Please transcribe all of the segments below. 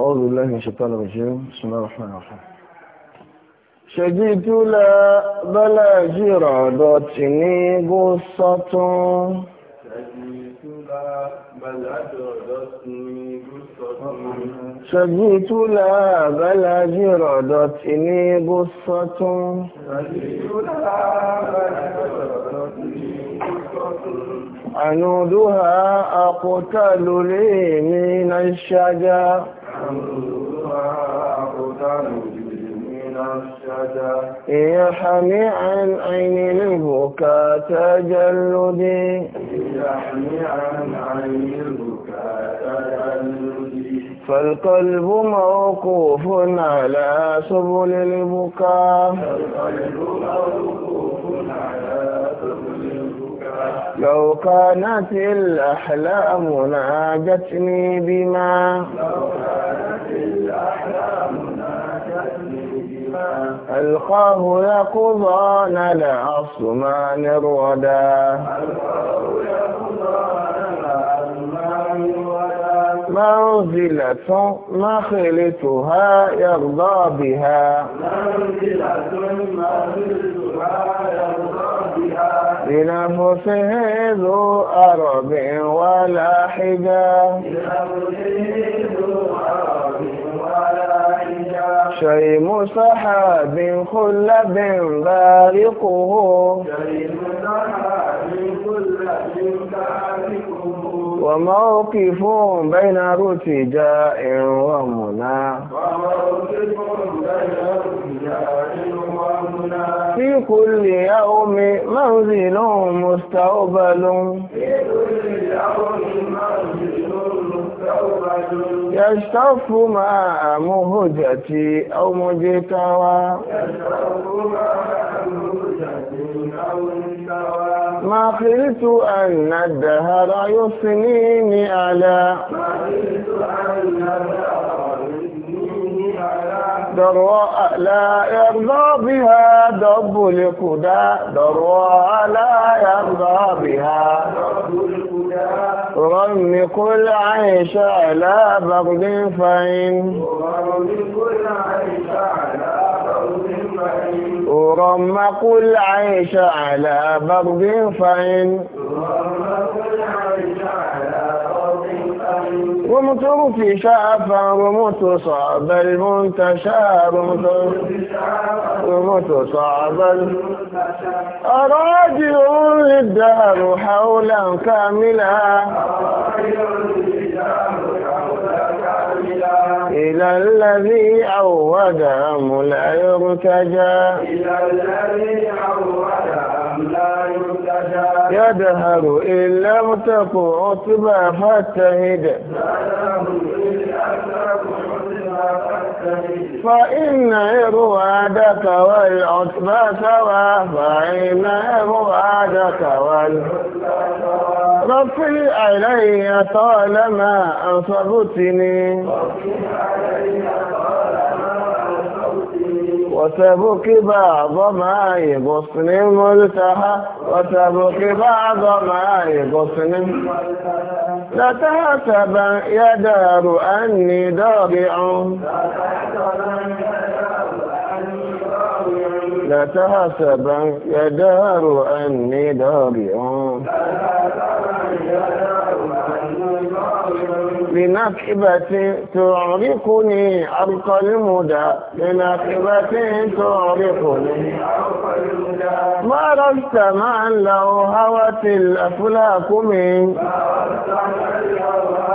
أعوذ بالله من الشيطان الرجيم بسم الله الرحمن الرحيم شجيت لا بلا جرادتني غصة شجيت لا بلا أجردتني غصة شجيت لا أنودها أقتل لي من الشجر يحمي عن عين البكاء تجلدي تجلدي فالقلب موقوف على سبل البكاء فالقلب موقوف لو كانت الأحلام ناجتني بما ألقاه يقضان لعصمان الردى ألقاه منزلة خلتها يرضى بها منزلة خلتها يرضى بها لنفسه ذو أرب ولا حجة شيم سحاب خلب بارقه شيم سحاب خلب بارقه maọbụ ọaụka ifo ayị na-arụ otu iga ụamụna n'ikwulea mazinowụm talo dastapụmaamụhụjati ụmụgi tawa ما خلت أن الدهر يثنيني على ضراء لا يرضى بها دب لقدا ضراء لا يرضى بها رمق العيش على بغد فإن رمق العيش على بغض فإن نورا مقل عيش على برد فإن رمت في شافا ومتصاب صعب المنتشى رمت رمت صعب أراجع للدار حولا كاملا إلى الذي أودهم لا يرتجى إلى الذي أودهم يدهر إن لم تكن عتبى فاجتهد فإن إرادك والعتبى سوى فإن إرادك والرفي علي طالما أصبتني رفي علي طالما وتبك بعض ما غصن ملتها وتبك بعض ما غصن لا تحسب يا دار أني دابع لا تحسب يا دار أني ضارع بنكبة تعرقني عرق المدى بنكبة تعرقني ما مرست من لو هوت الأفلاك من من لو هوت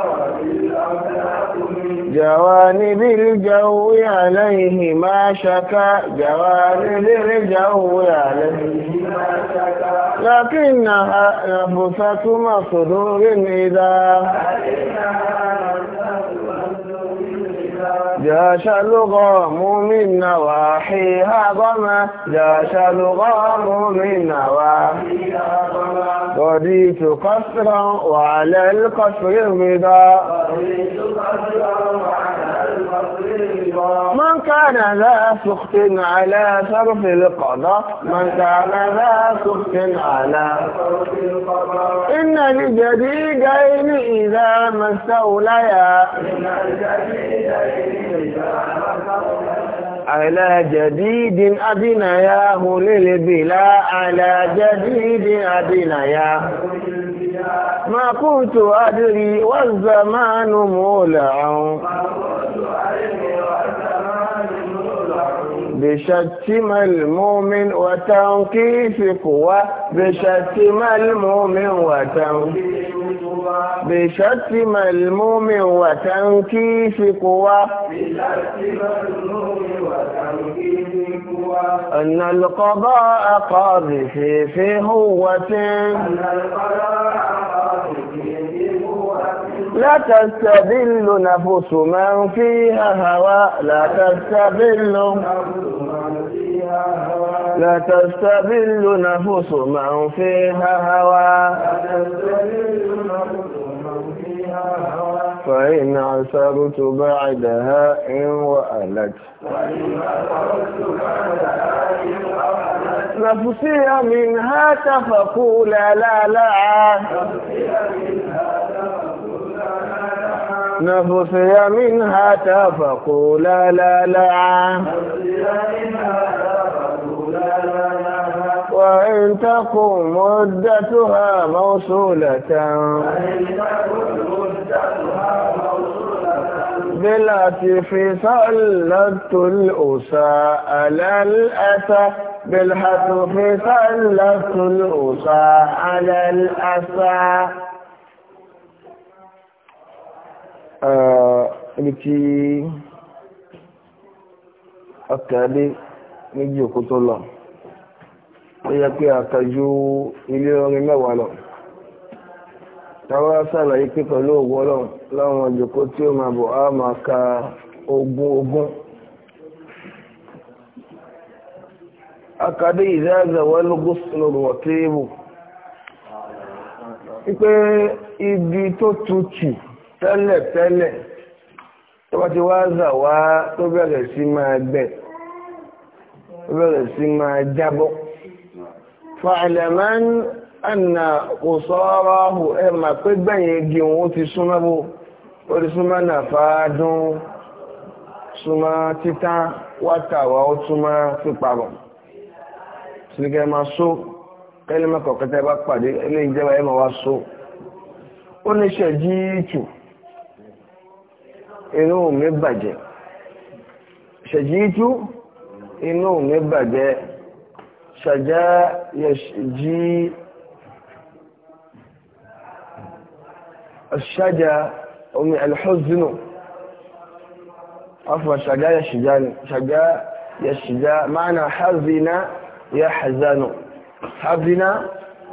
جوانب الجو عليه ما شكا جوانب الجو عليه ما شكا لكنها نفسة مصدور إذا لكنها جاش الغام من نواحيها ظما جاش الغام من نواحيها ظما رديت قصرا وعلى القصر رضا من كان ذا سخط على شرف القضاء من كان ذا سخط على شرف القضاء إن لجديدين إذا ما استوليا إن لجديدين على جديد أبنياه للبلا على جديد أبنياه ما كنت أدري والزمان مولع بشتم المؤمن وتنقيف قوة بشتم المؤمن وتنقيف بشتم المؤمن وتنكيف قوة أن القضاء قاضي في في هوة أن القضاء قاضي في هوة لا تستذل نفس من فيها هوى لا تستذل لا تستذل نفس من فيها هوى فإن عثرت بعدها إن وألت نفسي منها تفقول لا لا نفسي منها نفسي منها تفقولا لا لا وإن تقوم مدتها موصولة بالتي في صلت الأسى على الأسى بالحتف صلت الأسى على الأسى Eh, ibi tí ọkàdé méjì òkú lọ ó yẹ pé àkàjú ilé orin mẹ́wàá lọ táwọn sàlàyé pé pẹ̀lú òwò ọlọ́run láwọn ìjòkó tí ó máa bọ̀ á máa ka ogún ogún akadé ìdáàzàwọ́ lọ́gọ́sùn wọ̀tíébù wípé ibi tó tutù tẹ́lẹ̀ tẹ́lẹ̀ tó bá ti wá zà wá tó bẹ̀rẹ̀ sí máa gbẹ̀ tó bẹ̀rẹ̀ sí máa jábọ́ fàìlẹ̀mán àna kò sọ́ọ́rọ́ ọ̀hún ẹ mà pé gbẹ̀yìn igi òun ti súnmọ́ bó ó ti súnmọ́ nàfàádún súnmọ́ títà wátàwá ó túnmọ́ píparọ̀ sílẹ̀kẹ́ máa só kẹ́lẹ́mẹ́kọ̀ọ́kẹ́tẹ́ bá pàdé ilé ìjẹba ó ní ṣẹ̀jí tù inú mi bàjẹ́ ṣàjíjú inú mi bàjẹ́ ṣàjá yẹ̀ṣẹ̀jí ṣàjá omi alhuzinu afọ ṣàjá yẹ̀ṣẹ̀já ni ṣàjá yẹ̀ṣẹ̀já ma'ana hazina ya hazanu hazina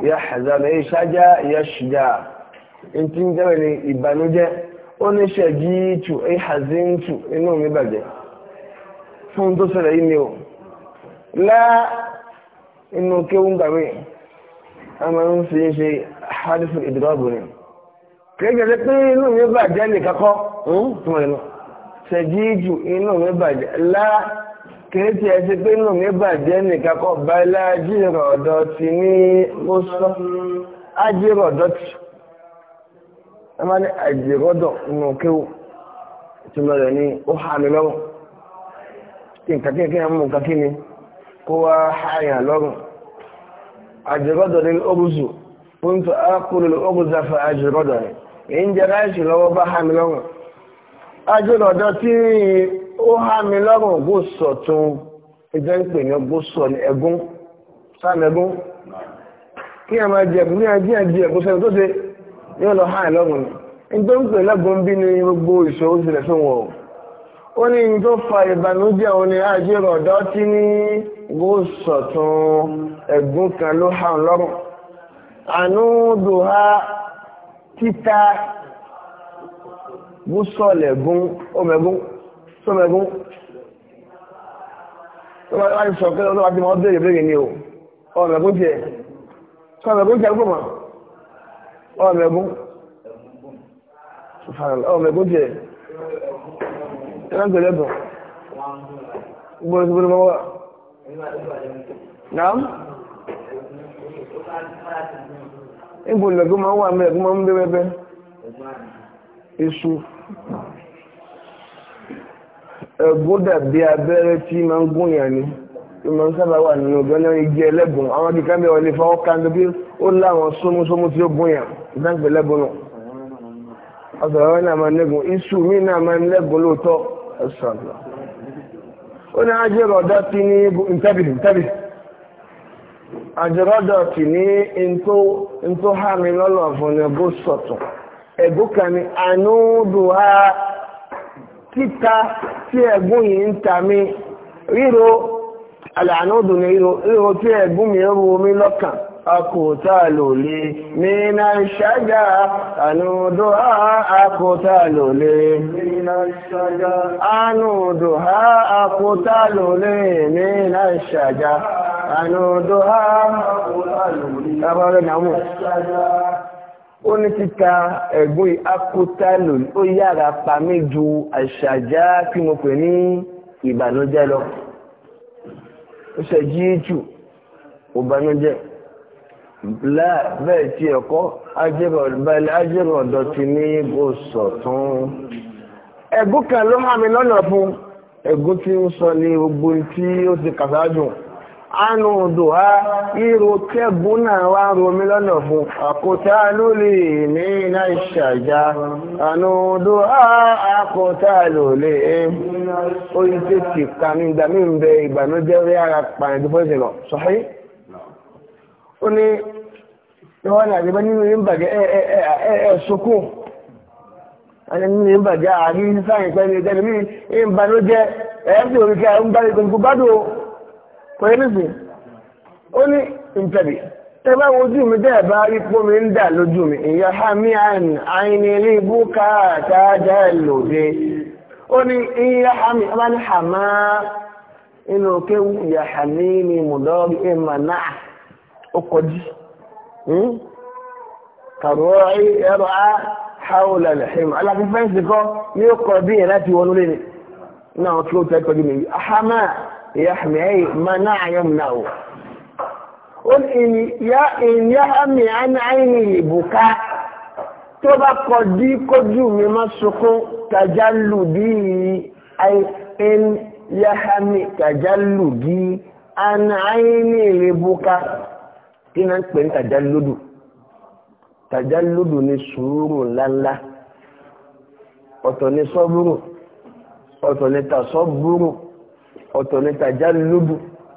ya hazanu ṣàjá yẹ̀ṣẹ̀já in ti ń jẹ́ ìbànújẹ́ ó ní ṣẹ̀jí tù ẹ hàzí ń tù inú mi bàjẹ́ fún tó ṣẹlẹ̀ yìí ni o lá inú kéwùn gbàmí a máa ń fi ṣe hadifu ìdúrọ́bù ni kéjọ́jọ́ pé inú mi bàjẹ́ lè kakọ́ hmm? fún ẹnu ṣẹ̀jí tù inú mi bàjẹ́ lá kìí tí ẹ ti pé nù mí bàjẹ́ nìkan kọ́ bá láàjírọ̀ ọ̀dọ́ ti ní mọ́sán ájírọ̀ ọ̀dọ́ ti ẹ máa ní àìdìrọ́dọ̀ nínú kéwù ìtumọ̀ rẹ̀ ní ó há mi lọ́rùn kí nǹkan kí nǹkan mú nǹkan kí ni kó wá háyà lọ́rùn àìdìrọ́dọ̀ ní ọ̀bùsù fún tó ákùrù ọ̀bùsù àfẹ àìdìrọ́dọ̀ rẹ̀ èyí ń jẹ ráìsì lọ́wọ́ bá há mi lọ́rùn àjọ̀dọ̀ tí ó há mi lọ́rùn gòsò tún ìjọ ń pè ní gòsò ẹ̀gún sáàmẹ̀gún kí ẹ máa jẹ ẹ̀gún ní ajé ẹ̀gún sẹ́ni tó ṣe yóò lọ hàn lọ́gùn nítorí ń pè lọ́gùn bí ní gbogbo ìṣòro sílẹ̀ fún wọn ó ní ní tó fa ìbànújẹ́ òun ni àjẹrò ọ̀dọ́ tí ní gbósọ̀tún ẹ̀gún kan ló hàn lọ́rùn ànúdùhá títa gbósọ̀lẹ̀gún ọmẹgún sọmẹgún tó bá ti sọ̀kẹ́ lọ́wọ́ bá ti mọ́ bèèrè bèèrè ni o ọmẹgún tiẹ̀ sọmẹgún tiẹ̀ gbọ́mọ̀ ọmọ ẹ̀gún ọmọ ẹ̀gún jẹ́ ẹ̀rọ gẹ̀lẹ́bọ̀ gbọ́nà gbọ́nà wà náà ìbò lẹ̀gún máa wà mẹ́ ẹ̀gún máa ń bẹ́rẹ́bẹ́ iṣu ẹ̀gún dàbí abẹ́rẹ́ tí máa ń gún yà ní ìmọ̀ sábà wà nínú obìnrin igi ẹlẹ́bùn àwọn akẹ́kẹ́ bẹ́ẹ̀ wọlé fọwọ́ kan bí ó láwọn sómúsómú tí ó gún yàn ìdáǹpẹ̀ lẹ́bùn nù ọ̀sán náà máa ń lẹ́gùn iṣu mi náà máa ń lẹ́gùn lóòótọ́ ẹ̀sán ó ní ajẹ́rọ̀dọ́ ti ní ntẹ́bìtì ntẹ́bìtì ní ntó há mi lọ́lọ́ fún ní ha àlànàdù ní ihò tí ẹ̀gún mi rú omi lọ́kàn akòtà lòlé nínà ṣájá ànúdò ha akòtà lòlé ànúdò ha akòtà lòlé nínà ha ó ní títa ẹ̀gbọ́n akótálò ó yára pa mí àṣàjá mo pè ní ìbànújẹ́ lọ. ṣẹ̀jíìtù òbánújẹ́ bẹ́ẹ̀ tí ẹ̀kọ́ ajẹ́rọ̀ ọ̀dọ̀ ti ní gbòsọ̀ tún ẹ̀gún kan ló hàn mí lọ́nà fún ẹ̀gún tí ń sọ ní gbogbo tí ó ti kàṣáájú ánú ha á ìrò na náà wá ń romi lọ́nà fún àkótá lólè ní iná ha ànú odò á àkótá lólè ti ka ní ìgbà mí ń bẹ ara sọ́hí ó ní àdébá nínú bàjẹ́ ẹ ẹ bàjẹ́ àárín sáyẹn orí pẹ̀lúgbì ó ní ìtẹ̀bì tẹ́bá ojú mi dẹ́ bá mi ń dà lójú mi ìyá hami àìní àìní rí búkà lòdé ó ní ìyá hami ọba hàmá inú kéwù ìyá hami ní mùdọ́bí ìmà náà ó kọjú hmm? kàrọ́ á يحمي أي منع يمنعه قل إن يا يحمي عن عينه بكاء تبا قدي قدو مما سكون تجلدي أي إن يحمي تجلدي عن عينه بكاء kí náà ń pè ní tàjálódù tàjálódù ni sùúrù ńláńlá ọ̀tọ̀ ọ̀tọ̀ ní tàjá lóbù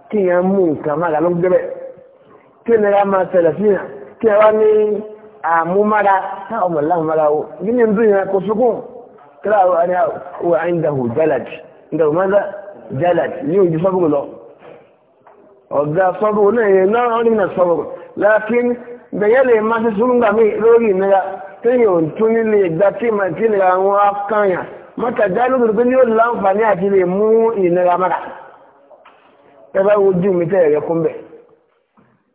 kí yẹn mú nǹkan mára ló gbẹ́bẹ̀ kí nira máa tẹ̀lẹ̀ sí yàn kí yẹn wá ní àmúmára tá ọmọ láàmúmára o bí ní ndú yẹn kò sókún kíra àwọn àni àwọn àìndàhù jalad ndàhù mọ́dá jalad ní ojú sọ́bùrù lọ ọ̀gá sọ́bùrù náà yẹn náà wọ́n ní sọ́bùrù láàfin bẹ̀yẹ́ lè má sí sùúrù gbà lórí ìnira tí tún nílé ìgbà tí màtí mọ́tàjá lóbìnrin pé ní ó láǹfààní àti lè mú ìnira mọ́ra ẹbá wojú mi tẹ́ ẹ̀rẹ́ kún bẹ̀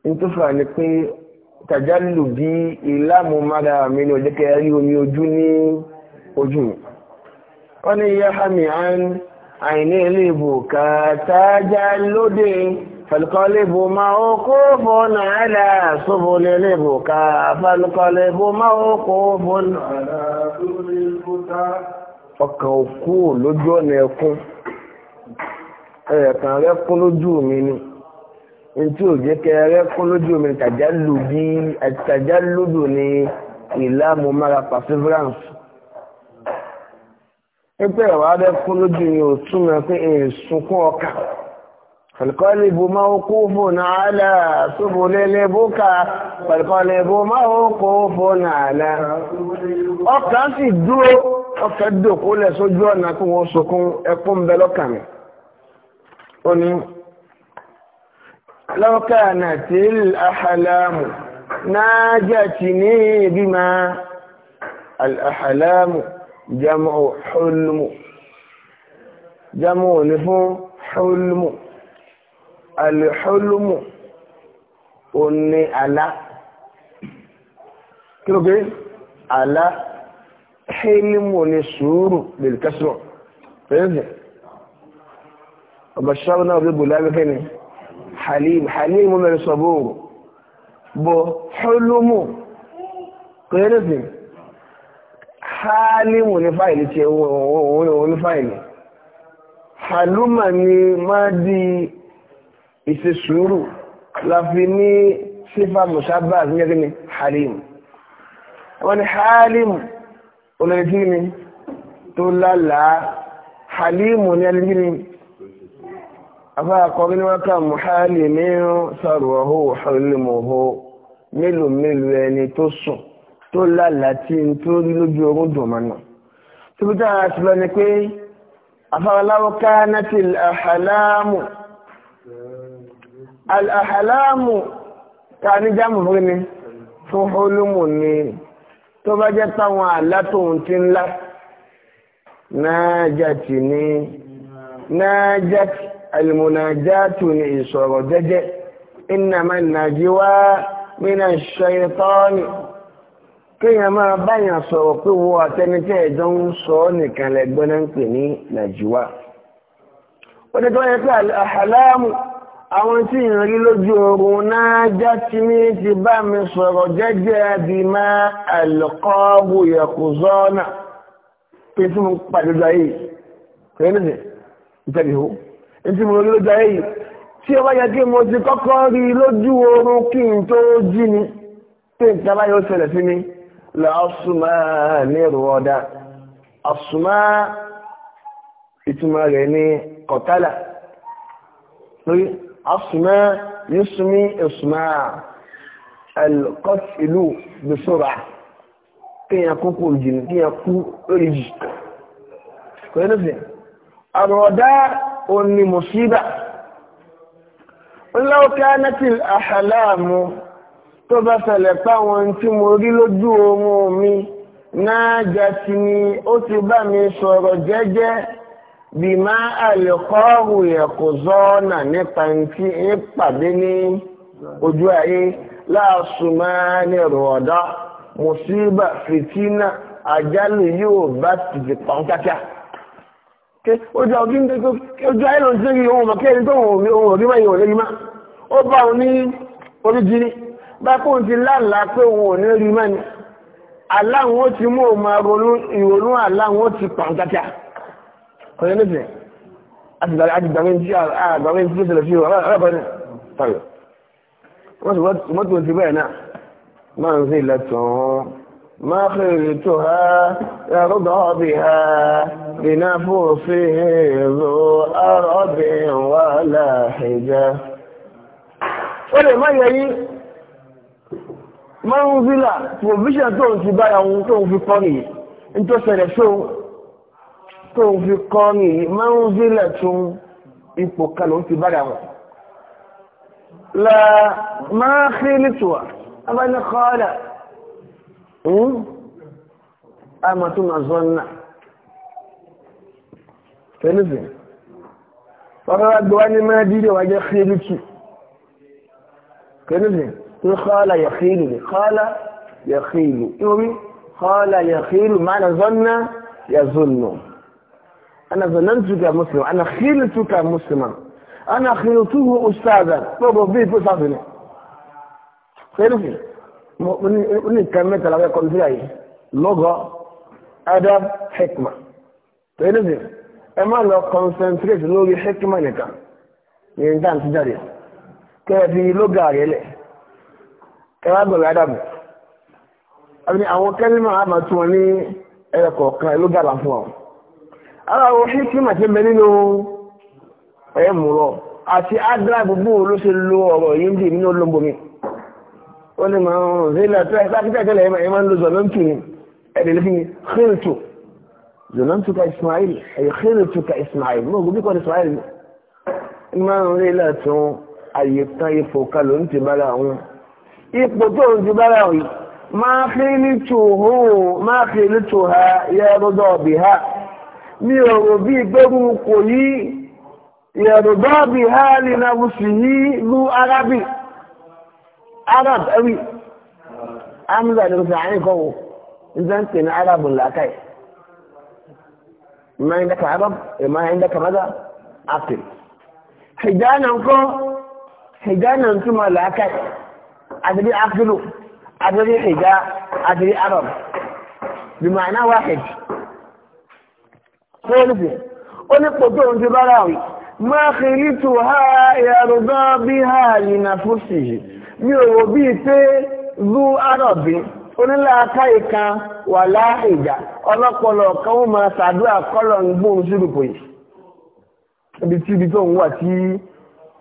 nítòfà ni pé tàjá lò bí ìlàmú mọ́ra mi ní ọjọ́ kẹrí omi ojú ní ojú mi wọ́n ní yá hàmì àìní ilé ìbò kàtàjá lóde فالقلب موقوف على سبل البكاء فالقلب موقوف على سبل البكاء ọkàn òkú lójú ọ̀nà ẹkún ẹ̀ẹ̀kan rẹ́kún lójú mi ni ntí òjé kẹ rẹ́kún lójú mi tàjálùbí àti tàjálùbù ni ìlàmú mara perseverance pípẹ́ ìwà rẹ́kún lójú mi ò túmọ̀ pé èèyàn sunkún ọkàn. فالقلب موقوف على سبل البكاء فالقلب موقوف على اوكان سي دو اوكان دو كل سوجو انا كو سوكون اكون بلوكان اوني لو كانت الاحلام ناجتني بما الاحلام جمع حلم جمع نفو حلم alihulumu òní àlá kí ló gbé àlá hilimu ni sùúrù lè kásùrù fẹ́ẹ̀fẹ́ ọba ṣọ́bù náà bí bùlámi kẹ́ni halim halim mẹ́rin sọ́bùrù bọ̀ hulumu kẹ́rẹ́fẹ́ halimu ni fáìlì tí wọ́n ní fáìlì haluma ni máa di ìṣe sùúrù la fi ní sífà mùsábà àti yẹ́gẹ́ ni halim wọ́n ni halim olóòtú ni tó lálàá halim ní ẹni ni afá akọrin ni wọ́n kà mú halim ní sọ̀rọ̀ ọ̀hó mélòó mélòó ẹni tó sùn tó lálàá tí n tó rí lójú orun dùn mọ́nà tó bí táwọn àti lọ ni pé afárá láwọ́ ká ti àhàlámù alàhàlámù ta ní jámù fún ni fún olúmù ni tó bá jẹ́ táwọn àlá tóun ti ńlá nájàtì ní nájàtì alìmùnàjàtù ní ìsọ̀rọ̀ jẹ́jẹ́ ìnàmà nàjíwá mínà ṣẹ̀tọ́ọ̀nì kéèyàn máa báyàn sọ̀rọ̀ pé wo àtẹnitẹ́ ẹ̀jọ́ ń sọ ọ́ nìkan lẹ́gbọ́n náà ń pè ní nàjíwá. ó ní tó yẹ pé àhàlámù àwọn tí ń rí lójú oorun náà já tí mi ti bá mi sọ̀rọ̀ jẹ́jẹ́ bí máa àlọ́kọ́ọ̀bù yẹ̀kùzọ́nà pé tí mo pàdé lójú ayé kẹ́rẹ́ nìyẹn ìtẹ̀lẹ̀ ìhó ní tí mo rí lójú ayé yìí tí ó bá yẹ kí mo ti kọ́kọ́ rí lójú oorun kí n tó jí ni pé nǹkan yóò ṣẹlẹ̀ sí mi lọ́sùmá ní rọ́ọ̀dà أصمى يسمي اسماء القتل بسرعة كي يكون كل جن كي يكون أرج كوينسي الرداء أني مصيبة لو كانت الأحلام تبسل طوان تمري لجوم مي náà jẹ́ ti ni ó bìmá àlùkọ́ọ̀hù ẹ̀kọ́zọ́ náà nípa ti ń pàdé ní ojú ayé láàsùnmọ́ ní rọ̀ọ̀dá mùsíbà fìtínà àjálù yóò bá tìtì pàún kíákíá. ojú ayé ló ń tẹ́lẹ̀ ohun ọ̀mọ̀kẹ́ni tó ohun ọ̀rí máa yìí ọ̀rẹ́ yìí má ó bá òun ní oríjìní bákò ti láàlá pé òun ò ní rí mẹ́ni aláwọn ó ti mú òun máa ronú ìrònú aláwọn ó ti pàún kíákíá kọjá nífẹ̀ẹ́ àtìgbàmí tí àgbàmí tí ó ṣẹlẹ̀ sí alábàáni tàbí wọ́n sì mọ́tò ti bẹ́ẹ̀ náà máa ń sí lẹ́tọ̀ọ́ máa fèrè tó ha yàrúdọ̀ ọ̀bì ha dìnnà fòfin èrò àrọ̀bì wà láhìjá ó lè má yẹ yí máa ń fílà provision tó ń ti bára tó ń fi kọ́ nìyí ní tó ṣẹlẹ̀ sóhun tó ń fi kọ́ ní máa ń zílẹ̀ tún ipò kan ló ń ti bára wọn. la máa kí ní tùwà abáni kọ́ọ̀dà hmm? a máa tún máa zọ́n náà tẹ́lifìn ọ̀rọ̀ agbọ́wá ní máa dídé wájẹ́ kí ní tó kọ́ọ̀lá yẹ̀ kí ní kọ́ọ̀lá yẹ̀ kí ní kọ́ọ̀lá yẹ̀ kí ní máa zọ́n náà أنا ظننتك مسلم أنا خيلتك مسلما أنا خيلته أستاذا طب بيه بصفنا خيلتي من كلمة لا يكون فيها لغة أدب حكمة خيلتي أما لو كونسنتريت لغة حكمة نكا، يعني تجاري كيفي لغة يلي لغة أدب أبني أول كلمة أما توني ẹ̀rọ kọ̀ọ̀kan ló gàlà ara wo hikima ti bẹ nínú ọ̀yẹ́ mùrọ̀ àti adra gbogbo ló ṣe lo ọ̀rọ̀ yìí ń dì nínú olóńgbòmí ó ní máa ń rìn sílẹ̀ tó ẹ̀ sáfíkà tẹ́lẹ̀ ẹ̀ máa ń lo zọ̀lọ́ntù ni ẹ̀dẹ̀ lè fi khiltu zọ̀lọ́ntù ka Ismail ẹ̀yẹ khiltu ka Ismail náà gbogbo kọ́ Ismail ni máa ń rìn sílẹ̀ tó àyè kan ipò kan ló ń ti bára àwọn ipò tó ń ti bára àwọn máa khiltuhu máa khiltuha yẹ́ rọ́dọ̀ bìhá mi ò rò bí gbẹ́rù kò yí ìyẹ̀rùbá bí hálì náà sì yí lú arábì arab ẹ̀rí amúlẹ̀ ní oṣù àárín kan ní arab làákàyè ìmọ̀ ẹ̀ńdẹ́ka arab ìmọ̀ ẹ̀ńdẹ́ka mẹ́ta apil hijana ńkọ́ hijana ńtúmọ̀ làákàyè àdìrí afilu àdìrí hija àdìrí arab bí màánà wáhìdì mọ́lùfẹ́ ó ní pò tó ń ti bára wì ha ìyàrùbá ha ìyìnà fún sí mi ò na bíi pé rú àrọ̀bí onílàáká ìkan wà láìjà ọlọ́pọ̀lọ̀ kan ó máa ṣàdúrà kọ́lọ̀ ń gbóhun sírùpò yìí ibi tí ibi tó ń wà tí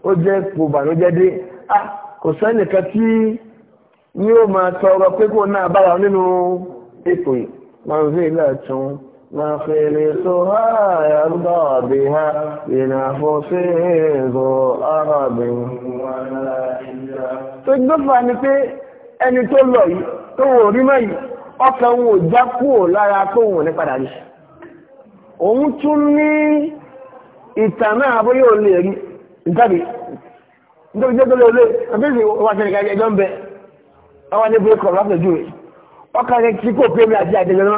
o je pòbànújẹ́ dé ah, kò sẹ́nìkan tí ni ó máa tọrọ pé kó náà bára نخلصها يرضى بها لنفسه ذو أرب Tọ́gbọ́fà ni pé ẹni tó lọ yìí tó wò rí lára tó wò ní padà rí. Òun tún ní ìtàn náà bóyá ò rí, ìtàbí, nítorí jẹ́ tó lè olè, àbíṣe wà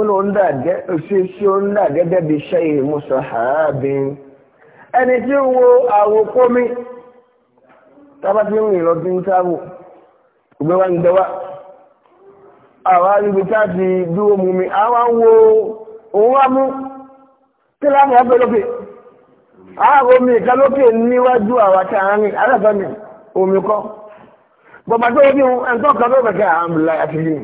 òṣìṣẹ́ onídà gẹ́gẹ́ bí ṣẹ́yìn musa haabi ẹni tí ń wo àwòkómi tábà tí ń rìn lọ bí ń tábù ìgbé wa ń dẹwà àwa ibi tá a ti dúró mú mi àwa ń wo òun wá mú kí láàmú wá pé lókè àwọn omi ìka lókè níwájú àwa tá a rìn alága mi omi kọ́ bọ̀bá tó ń bí ẹ̀ńtọ́ kan tó kẹ̀kẹ́ àmì àfihàn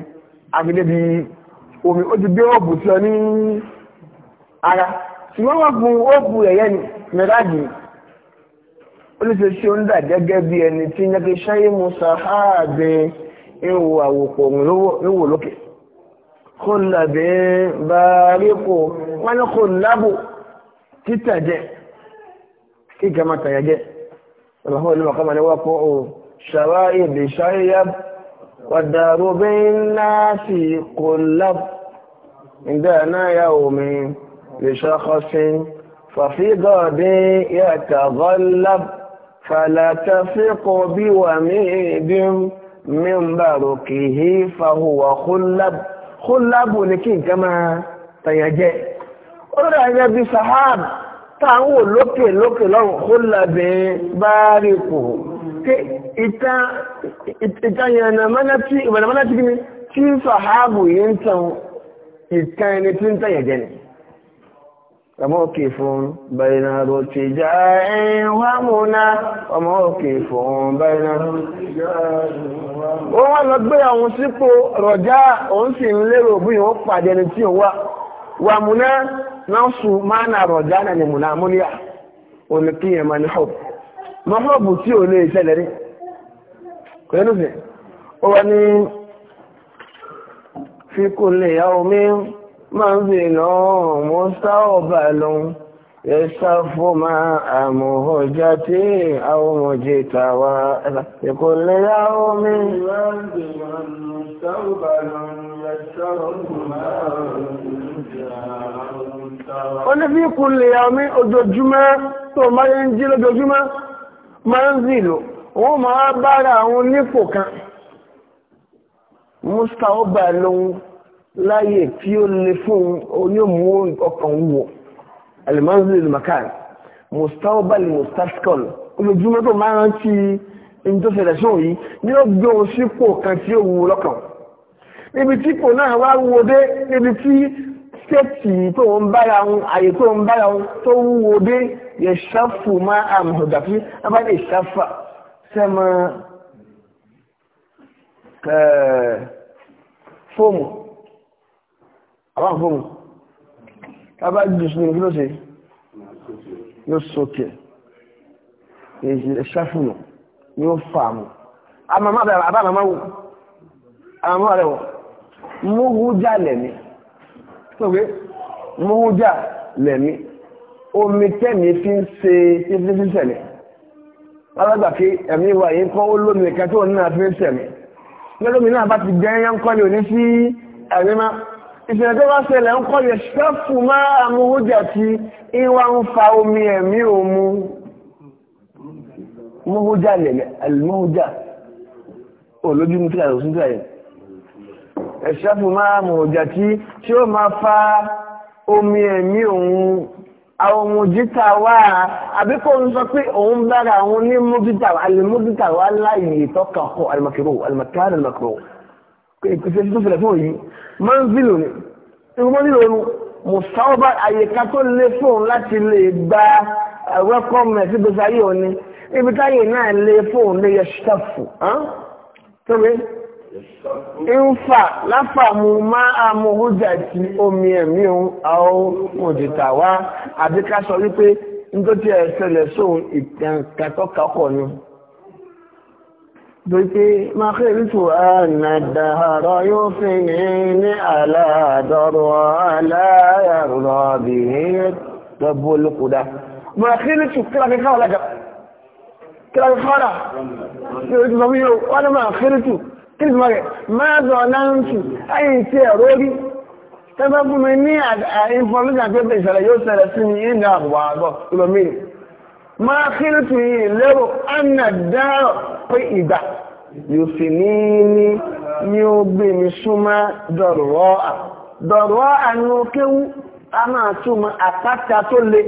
àfihàn bíi. omi o ti gbé ọ̀bù tí ọ ní ara ṣùgbọ́n wọ́n gun ọ̀bù ẹ̀yẹ ni mẹ́ráàjì ó lè ṣe ṣe ó ń dà gẹ́gẹ́ bí ẹni tí nyẹ́kẹ́ ṣáyé musa ha ìwò àwòpọ̀ níwò lókè kò làbẹ́ bàárẹ́kọ̀ wọ́n ní kò lábò títà jẹ́ kíkà máa tàyà jẹ́ ọ̀làfọ́ ìlú ni wọ́n kọ́ ṣáyé yá وَالدَّارُ بِالنَّاسِ قُلَّبْ عندنا يوم لشخص ففي غد يتغلب فلا تثق بوميد من بركه فهو خلب خلب لكن كما تيجي ọ̀rọ̀ ẹ̀yẹ bí sahab táwọn olókè lókè lọ́wọ́ kó lẹ́bẹ̀ẹ́ bá rí kò ita ita yana mana ti ìbàdàn mana gini tí sàhábù yìí ń tàn ìtàn ẹni tí ń tàn yẹ̀jẹ̀ ni وموقف بين الارتجاع ومنى وموقف بين الارتجاع ó wá lọ gbé àwọn sípò rọ̀já òun sì ń o bí òun pàdé ẹni tí òun wà wà múná náà sùn máa nà rọ̀já náà ni na múníà òun kí yẹn pẹ̀lúfẹ̀ ó wá ní fi kò lè yá omi máa ń bè náà mo sá ọ̀bà lòun yẹ sá fún ma àmọ̀họ̀já tí àwọn ọmọdé ta lè yá omi. ó ní fi lè yá omi ojoojúmọ́ tó máa ń jí lójoojúmọ́ máa ń zì lò wọ́n máa bára àwọn nípò kan musta ó bá lóhun láyé tí ó lè fún onímú ọkàn wò alimanzu ilmakan musta ó bá lè musta skull olójúmọ́ tó máa rántí in tó ṣẹlẹ̀ sóhun yìí ní ó gbé ohun sípò kan tí ó wu lọ́kàn níbi típò náà wá wo dé níbi tí stéètì tó ń bára wọn àyè tó ń bára wọn tó wúwo dé yẹ ṣáfù máa àmọ̀ abáyé ṣáfà sẹ́mọ fóòmù àwọn fóòmù tábà jù sínú kí ló ṣe yóò sókè ìṣẹ́fùnù yóò fàmù àbámamáwò àbámamáwò rẹ̀ wọ̀ múhújá lẹ̀mí tóbi múhújá lẹ̀mí omi tẹ́mi fi ń ṣe tí fi ń ṣẹlẹ̀ alágbà pé ẹ̀mí wa yìí kọ́ ó lómi ẹ̀ka tí òun náà fi ń sẹ̀mí lẹ́lómi náà bá ti dẹ́yẹ ń kọ́lé òní sí ẹ̀mí má ìṣẹ̀lẹ̀ tó bá ṣẹlẹ̀ ń kọ́lé ṣẹ́fù máa amúhújà ti ìwà ń fa omi ẹ̀mí òmu múhújà lẹ̀lẹ̀ àlùmúhújà olójú mú tíra lọ́sùn tíra yẹn ẹ̀ṣẹ́fù máa amúhújà ti tí ó máa fa omi ẹ̀mí òun àwọn mojútà wá àbí kò ń sọ pé òun bára àwọn ní mojútà alimojútà wá láàyè ìtọ́ka kọ alimakiro alimakiro alimakiro ìpèsè tó fẹ̀rẹ̀ fún yìí máa ń zìlò ní ìwọ́n nílò ní mùsàlùbá àyíká tó lé fóun láti lè gba eh, welcome ẹ̀ síbi sáyé òní ibi táyé náà lé fóun lè yẹ ṣẹ́fù tó mi ìfà láfàmù máa amúhú jàti omi ẹ̀mí ohun àwọn òdìtà wá àbí ká sọ wípé nítorí ẹ̀sẹ̀lẹ̀ sóhun ìtànkàtọ́kàkọ̀ ni Bíkí Mákìrìtù ànàdàhàrọ̀ yóò fi ní ní aláàdọ́rọ̀ aláyàrọ̀ bí i gbogbo olókùdá. Mákìrìtù kílákíkọ́ ọ̀lẹ́gbẹ̀ẹ́. Kílákíkọ́ ọ̀lá. Kí ìsìnkú rẹ̀ máa zọ̀ láńtù ayé tí ẹ̀rọ rí tẹ́fẹ́ fún mi ní information pé ìṣẹ̀lẹ̀ yóò ṣẹlẹ̀ sí ní ìlú àbúwà àbọ̀ ìlòmírì máa kírù yìí lérò ánà mi súnmọ́ dọ̀rọ̀ à dọ̀rọ̀ à ní ó kéwú a máa túmọ̀ àpáta tó le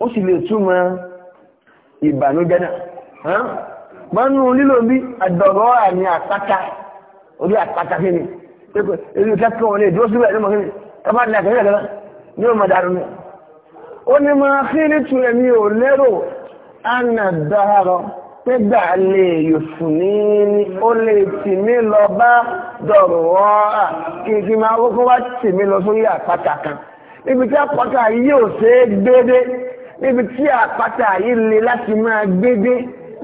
ó sì lè túmọ̀ ìbànújẹ́ náà mọ́nú lílò bí àdọ̀rọ̀ àmì àtàkà orí àtàkà kí ni èyí kẹ́kọ̀ọ́ wọn lè dúró síbẹ̀ ní mọ̀kí ni tọ́bá ní àkẹ́kẹ́ kẹ́kẹ́ ní ọmọ dàrú ni ó ní máa kí ní tu ẹ̀mí ò lérò ánà dáhàrọ̀ nígbà lè yòsùn ní ní ó lè tì mí lọ bá dọ̀rọ̀ à kí tí àpáta yìí ò láti máa gbédé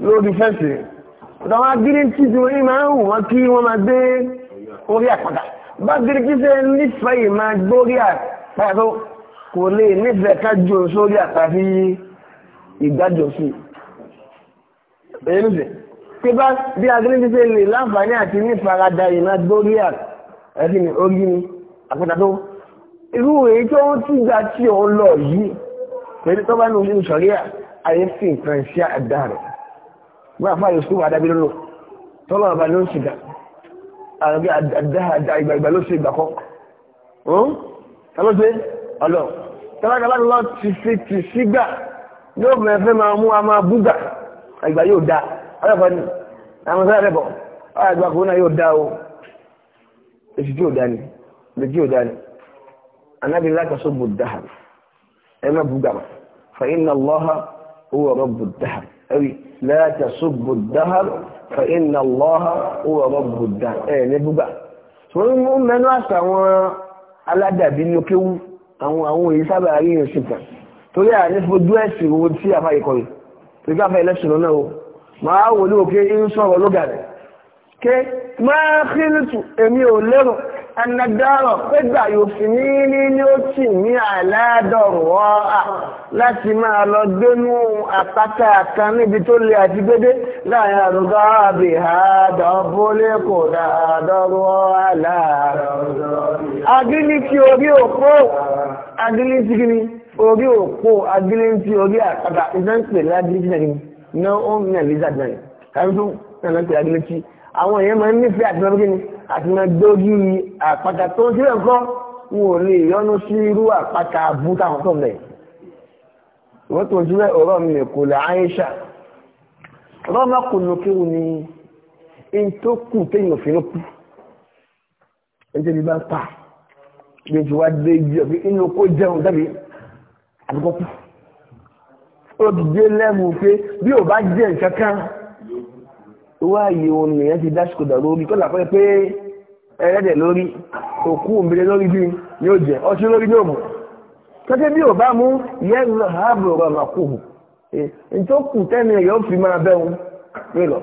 lórí fẹ́ǹsì ọ̀dọ̀ wọn gíríntì tí wọ́n máa ń wù wọ́n kí wọ́n máa gbé orí àpàdà bá gíríntì ṣe nífẹ̀ẹ́ máa gbórí àpàdà tó kò lè nífẹ̀ẹ́ ká jò sórí àtàfi ìgbàjọ sí èyí nìṣẹ́ tí bá bí agíríntì ṣe lè láǹfààní àti nífaradà ìmá gbórí àtàfi orí ni àpàdà tó irú èyí tó ń tí ga tí òun lọ yìí pẹ̀lú tó bá ní ojú ìṣọ̀rí àyè sí nǹkan iṣẹ́ àdá rẹ̀ gbọ́nà fún àyọ̀sùn wà dábí lọ́rọ̀ tọ́lọ̀ àbá ló ń ṣìgá àgbẹ̀ àdá ìgbàgbà ló ṣe ìgbàkọ́ hmm? tọ́lọ́sẹ́ ọ̀lọ́ tọ́lọ́dàbá lọ ti fi ti sígbà yóò bẹ̀rẹ̀ fẹ́ máa mú a máa búgbà àgbà yóò da ọlọ́pàá ni àwọn sọ́dọ̀ rẹ̀ bọ̀ àgbà kò náà yóò da o èsì tí ò da ni lèjì ò da ni anábì lákàtúntò bò dáhà ẹ má búgbà mà fa inna Allaha huwa rabbu dáhà rí láti ṣubù dáhàrù fa iná lọ́ha ó rọ̀ bùdá ẹ̀ ní búgbà ṣùgbọ́n mú mẹ́nu àṣà àwọn aládàbí ní okéwú àwọn àwọn èyí sábà rí yẹn ṣùgbọ́n torí à ní fojú ẹ̀sìn owó tí a fàyè kọrin torí káfà ẹlẹ́sìn náà o máa wò ní òkè ń sọ̀rọ̀ lóga rẹ̀ ké máa kí nìtù èmi ò lérò anadọ́rọ̀ pégbà yóò fi ní nílé ó tì ní àládọ́rọ̀ ọ́à láti máa lọ gbénú àpáta kan níbi tó lè àti gbédé láàrin àrùgbà àbì àádọ́bólé kò dáadọ́rọ̀ àlá agílítí orí òpó agílítí kí ni orí òpó agílítí orí àpáta ìdánsìlẹ̀ lágílítí náà ni náà ó ń rìn àlè àwọn èèyàn máa ń nífẹ̀ẹ́ àti máa kíni àti máa dójú àpáta tó ń sílẹ̀ kọ́ wọn ò lè yọnu sí irú àpáta abú táwọn tó mẹ́ ìwọ́n tó ń sílẹ̀ ọ̀rọ̀ mi kò lè àyíṣà ọ̀rọ̀ má kò lò kéwù ni n tó kù téèyàn fi ń kú ẹjẹ́ bí bá pa bí ti wá dé ibi ọ̀bí inú kó jẹun tàbí àbíkọ́ kú ó dé lẹ́mù pé bí ò bá jẹ́ nǹkan kan owó ààyè òun nìyẹn ti dásìkò dà lórí kọ́lá fẹ́ pé ẹlẹ́dẹ̀ lórí òkú òmìnira lórí bí yóò jẹ ọtí lórí yóò mú kẹ́kẹ́ bí ò bá mú yẹn lọ ààbò ọ̀rọ̀ àmàkùhù nítorí kù tẹ́nu yóò fi máa bẹ́ wọn pé lọ.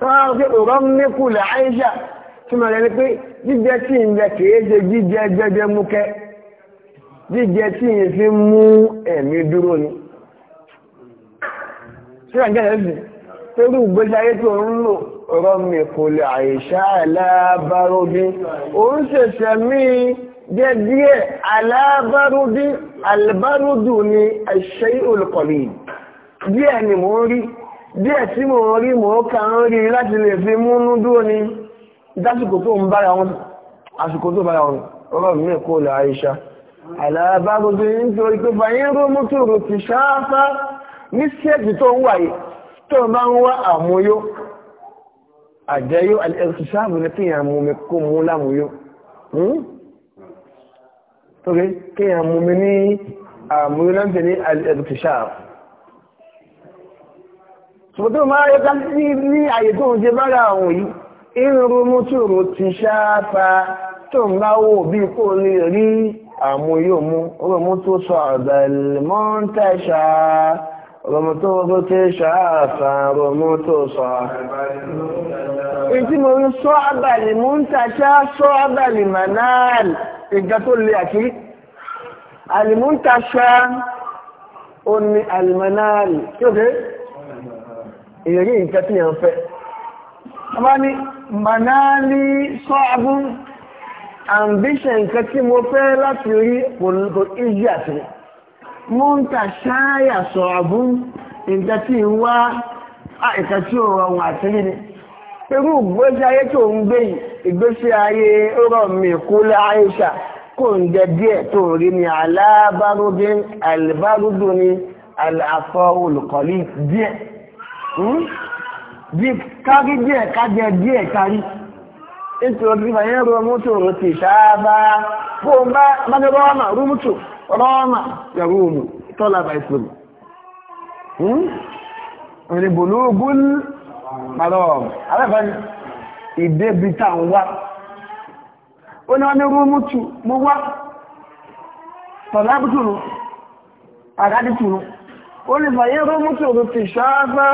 wọ́n á ọ̀rọ̀ mẹ́kù tí mo rẹ̀ ni pé jíjẹ tí ń jẹ kìí ṣe jíjẹ jẹjẹ mú kẹ́ jíjẹ tí ń fi mú ẹ̀mí dúró ni. ṣé torí ìgbésí ayé tí òun lò rọmi kò lè àìṣá alábárodí òun ṣẹ̀ṣẹ̀ mí jẹ́ díẹ̀ alábárodí albárodù ni àṣẹ olùkọ̀lì díẹ̀ ni mò ń rí díẹ̀ tí mò ń rí mò ń kà ń rí láti lè fi múnú dúró ni dásìkò tó ń bára wọn àsìkò tó bára wọn rọmi kò lè àìṣá alábárodí nítorí pé fàyín rómútùrù ti ṣááfá ní ṣẹ́ẹ̀tì tó ń wáyé tó bá ń wá àmúyó àjẹyó alẹ́sùsáàbù ní kí yàn múmi kó mú lámúyó hmm? tókè kí yàn múmi ní àmúyó láti ní alẹ́sùsáàbù ṣùgbọ́n máa yọ ká ní àyè tó ń jẹ bára àwọn yìí ìrùnmú tòrò ti ṣáápa tó ń bá bí kò lè rí àmúyó mú ó mú sọ àbẹ̀lẹ̀mọ́ntẹ́ṣáà rọmọtọ́wọ́gọ́tẹ́ ṣàáfà rọmọtọ́sọ. Ìtí mo ń sọ àbàlì mú ń tàṣá sọ àbàlì manáàl ìgbà tó lè àti. Àlìmú ń tàṣá ó ní àlìmanáàl tí ó fẹ́ ìrírí nǹkan tí yàn fẹ́. Ọba ní manáàlì sọ àbún ambition nǹkan tí mo fẹ́ láti rí kò easy àti rí wọ́n tà ṣááyà sọ àbún ìgbà tí ń wá àìkà tí ó rọrùn àtìrí ni irú ìgbésí ayé tó ń gbé ìgbésí ayé rọ̀ mí kú kò ń jẹ díẹ̀ tó rí ni alábárúdín alìbárúdù ni àfọ olùkọ́lí díẹ̀ hmm? bí kárí díẹ̀ kájẹ díẹ̀ kárí nítorí fàyẹ́rọ mọ́tò rò ti sáábà bó ń bá bá rọ́ọ̀mà yàwóòmù tọ́lábà islam ìrìn hmm? bòlógún marom alẹ́fẹ́ ìdébítà ń wá ó ní wọ́n ní rúmútù mú wá tọ̀lábùtùrù àgádìtùrù ó ní fàyé rúmútùrù ti ṣááfá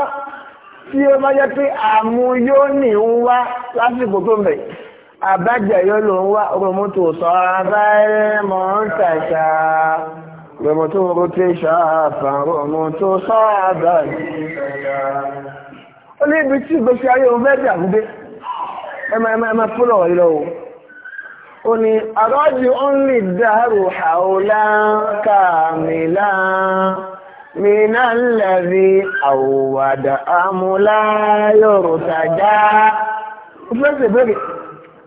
tí ó bá jẹ́ pé àmú yóò ní ń wá lásìkò tó mẹ́rin àbájáyọ́ ló ń wá rọmọ́tò sọ abáyé mọ́ ń tàṣà rọmọ́tò rotation àfà rọmọ́tò sọ abáyé ó ní ibi tí ìgbésí ayé òun fẹ́ dàgbé ẹ máa ẹ máa fúnlọ̀ wọ̀ lọ́wọ́ ó ní àrọ́jù ọ́nlì dàrú hàólá kàmìlá من الذي أود أملا يرتجى.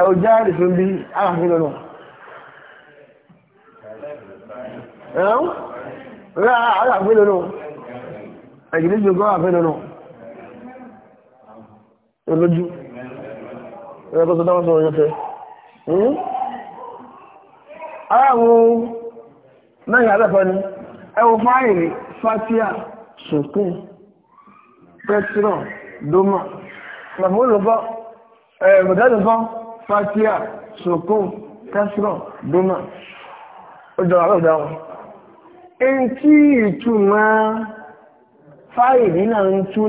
ẹ̀wọ̀ jáàrì fún bí aláàfin lọ́nà ẹ̀wọ̀n rẹ̀ aláàfin lọ́nà ẹ̀gìdíjì ọgọ́ àfin lọ́nà olójú ẹ̀rọ tó dáwọn sọ ọ̀yọ́fẹ́ aláàwọ̀ mẹ́rin alẹ́fẹ́ ni ẹ̀wọ̀ fáìrì fatia sùkún pẹ́tírọ̀ dómà màfúrúfọ́ ẹ̀mọ̀dẹ́dùfọ́ fatia sokun kásírọ̀ doma ó jọ àlọ́ ìdá wọn. ẹni tí ìtumọ̀ fáìlì náà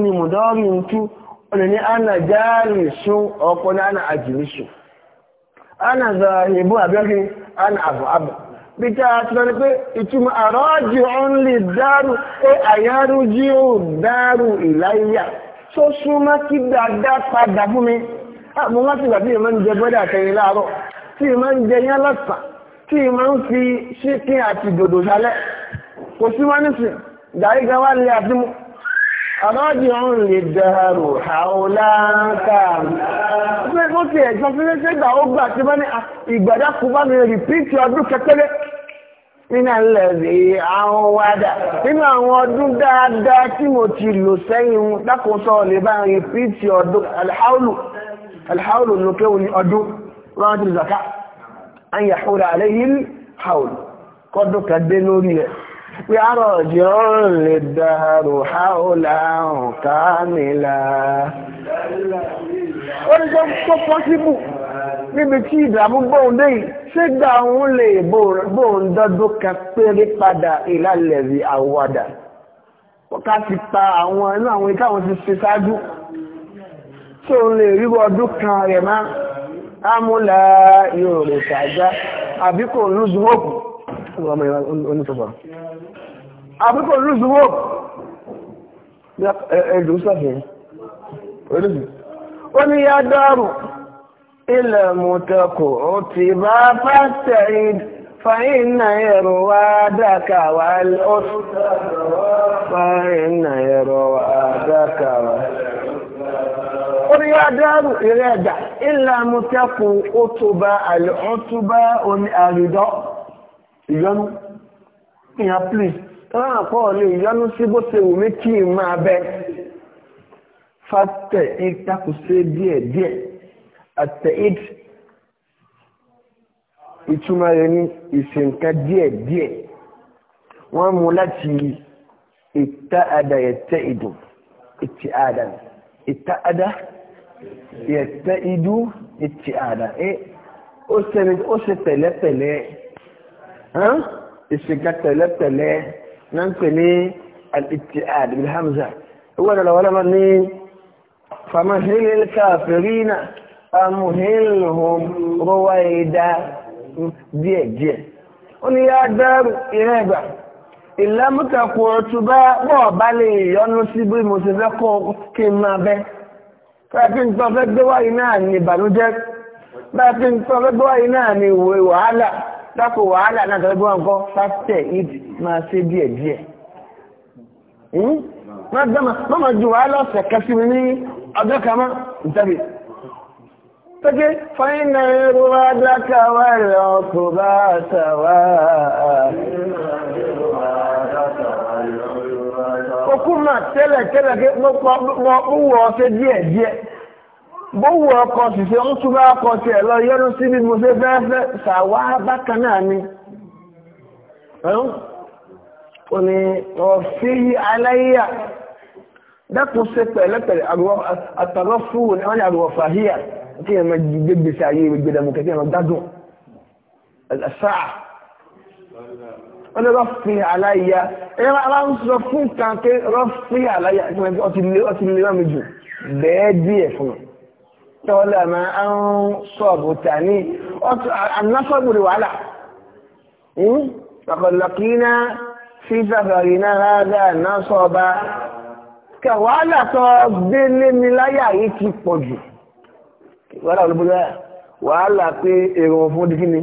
ni mùdọ́rì ń tú ọ̀nà ní ana jáàrì sún ọkọ̀ ní ana àjìlì sùn. ana zàhìbó àbẹ́kẹ́ ana abu àbọ̀ bíta àtúnṣe pé ìtumọ̀ àrọ́jì òun lè daru pé àyárú jí ó dárú ìláyà tó súnmọ́ kí dáadáa padà fún mi. Ah, mo láti ìgbà tí ìmọ̀ ń jẹ gbẹ́dà kẹrin láàárọ̀ tí ìmọ̀ ń jẹ yán lọ́sàn tí ìmọ̀ ń fi ṣíkín àti dòdò sálẹ̀ kò sí wọ́n nísìn gàrí gan wá lé àti àbájì ọ̀hún lè dàrú àwòláńkà ah, nínú ẹlẹ́rì àwọn wádà nínú àwọn ọdún dáadáa tí mo ti lò sẹ́yìn dákòóso lè bá rìpíìtì ọdún alháùlù الحول lókèwò ní ọdún rántíl zaka an yà húra aléhìn haul kọ́dún kàdé lórí rẹ̀ pé àrọ̀ jọ lè dàrò haula kàmìlà oríṣẹ́ tó pọ́síbù níbi tí ìdàmú bóhùn dé ṣé gbà òun lè bóhùn dọ́dún kan padà ìlàlẹ̀rí àwọ̀dà ká ti pa àwọn inú àwọn ikáwọn ti ṣe ṣáájú tó lè ríwọ ọdún kan rẹ̀ máa ámúlà yóò lè ṣàjá àbí kò lúzúwòkù àbí kò lúzúwòkù ẹ̀dùn sọ̀fẹ̀ orílẹ̀ ó ní yá dọ́rù ilẹ̀ mọ̀tẹ́kù ó ti bá pàtẹ́ فإن يروادك والأسر فإن يروادك والأسر oníyá dáàrù ìrẹ́ ẹ̀dà ilẹ̀ amútẹ́kù ótóbá àlọ́tóbá omi àrídọ́ ìyọnu ìyàn plis ránà pọ̀ lè ìyọnu sí bó ṣe wù mí kí n máa bẹ fàtẹ̀ ìtakùsẹ́ díẹ̀ díẹ̀ àtẹ̀ ìd ìtumọ̀ rẹ̀ ní ìṣẹ̀ǹkà díẹ̀ díẹ̀ wọ́n mú láti ìtààdà yẹ̀tẹ̀ ìdùn ìtààdà ìtààdà yẹ̀tẹ́ idú ìtì àdá ó ṣe pẹ̀lẹ́pẹ̀lẹ́ ìṣèkà pẹ̀lẹ́pẹ̀lẹ́ náà ń pè ní ìtì àdá ibi hamza owó ẹ̀rọ wọ́n lọ́wọ́ ní famahilil kafirina amuhilhum ruwaida díẹ̀díẹ̀ ó ní yá dẹ́rù ìrẹ́gbà ìlàmútàkùn ọ̀túbá bọ́ọ̀ bá lè yọnu sí bí fẹ́ kó kí n máa bẹ́ẹ̀ bẹ́ẹ̀fí ń tán fẹ́ gbé wáyé náà ni ìbànújẹ́ bẹ́ẹ̀fí ń tán fẹ́ gbé wáyé náà ni ìwé wàhálà dákò wàhálà náà tọ́lẹ́ gbọ́n kọ́ fásitẹ̀ ìdí máa ṣe díẹ̀ díẹ̀ mọ́mọ́ ju wàhálà ọ̀sẹ̀ kẹsí mi ní ọjọ́ kan mọ́ ìtàbí pẹ́kí fọ́nà ìrora dákà wà lọ́kùnrin bá sàwà mà tẹ́lẹ̀ tẹ́lẹ̀ pé mo wù ọ ṣe díẹ̀ díẹ̀ bó wù ọkọ̀ ṣìṣẹ́ ń túbọ̀ ọkọ̀ tiẹ̀ lọ yẹ́nu sí bí mo ṣe fẹ́ fẹ́ ṣàwá bákan náà ni ó ní ọ̀fí aláyíyà dákun ṣe pẹ̀lẹ́pẹ̀lẹ́ àtàrọ́ fúwò ní wọ́n ní àrùwọ̀ fàhíyà kí ẹ̀mọ gbégbèsè ayé gbẹdẹmùkẹ́ kí ẹ̀mọ gbádùn ẹ̀sáà wọ́n ní rọ́fì aláìyá ẹ̀yẹ́ máa ń sọ fún kan pé rọ́fì aláìyá ọtí lé ọtí lé rán mi jù bẹ́ẹ̀ díẹ̀ fún mi tọ́lá máa ń sọ̀bù tà ní ànásọ̀bùrì wàhálà ọ̀kọ̀lọ̀kínà sí sàfàrí náà rárá náà sọ̀bà kẹ wàhálà tó gbélé ní láyà yìí ti pọ̀ jù wàhálà olùbúdá wàhálà pé èrò fún díkíní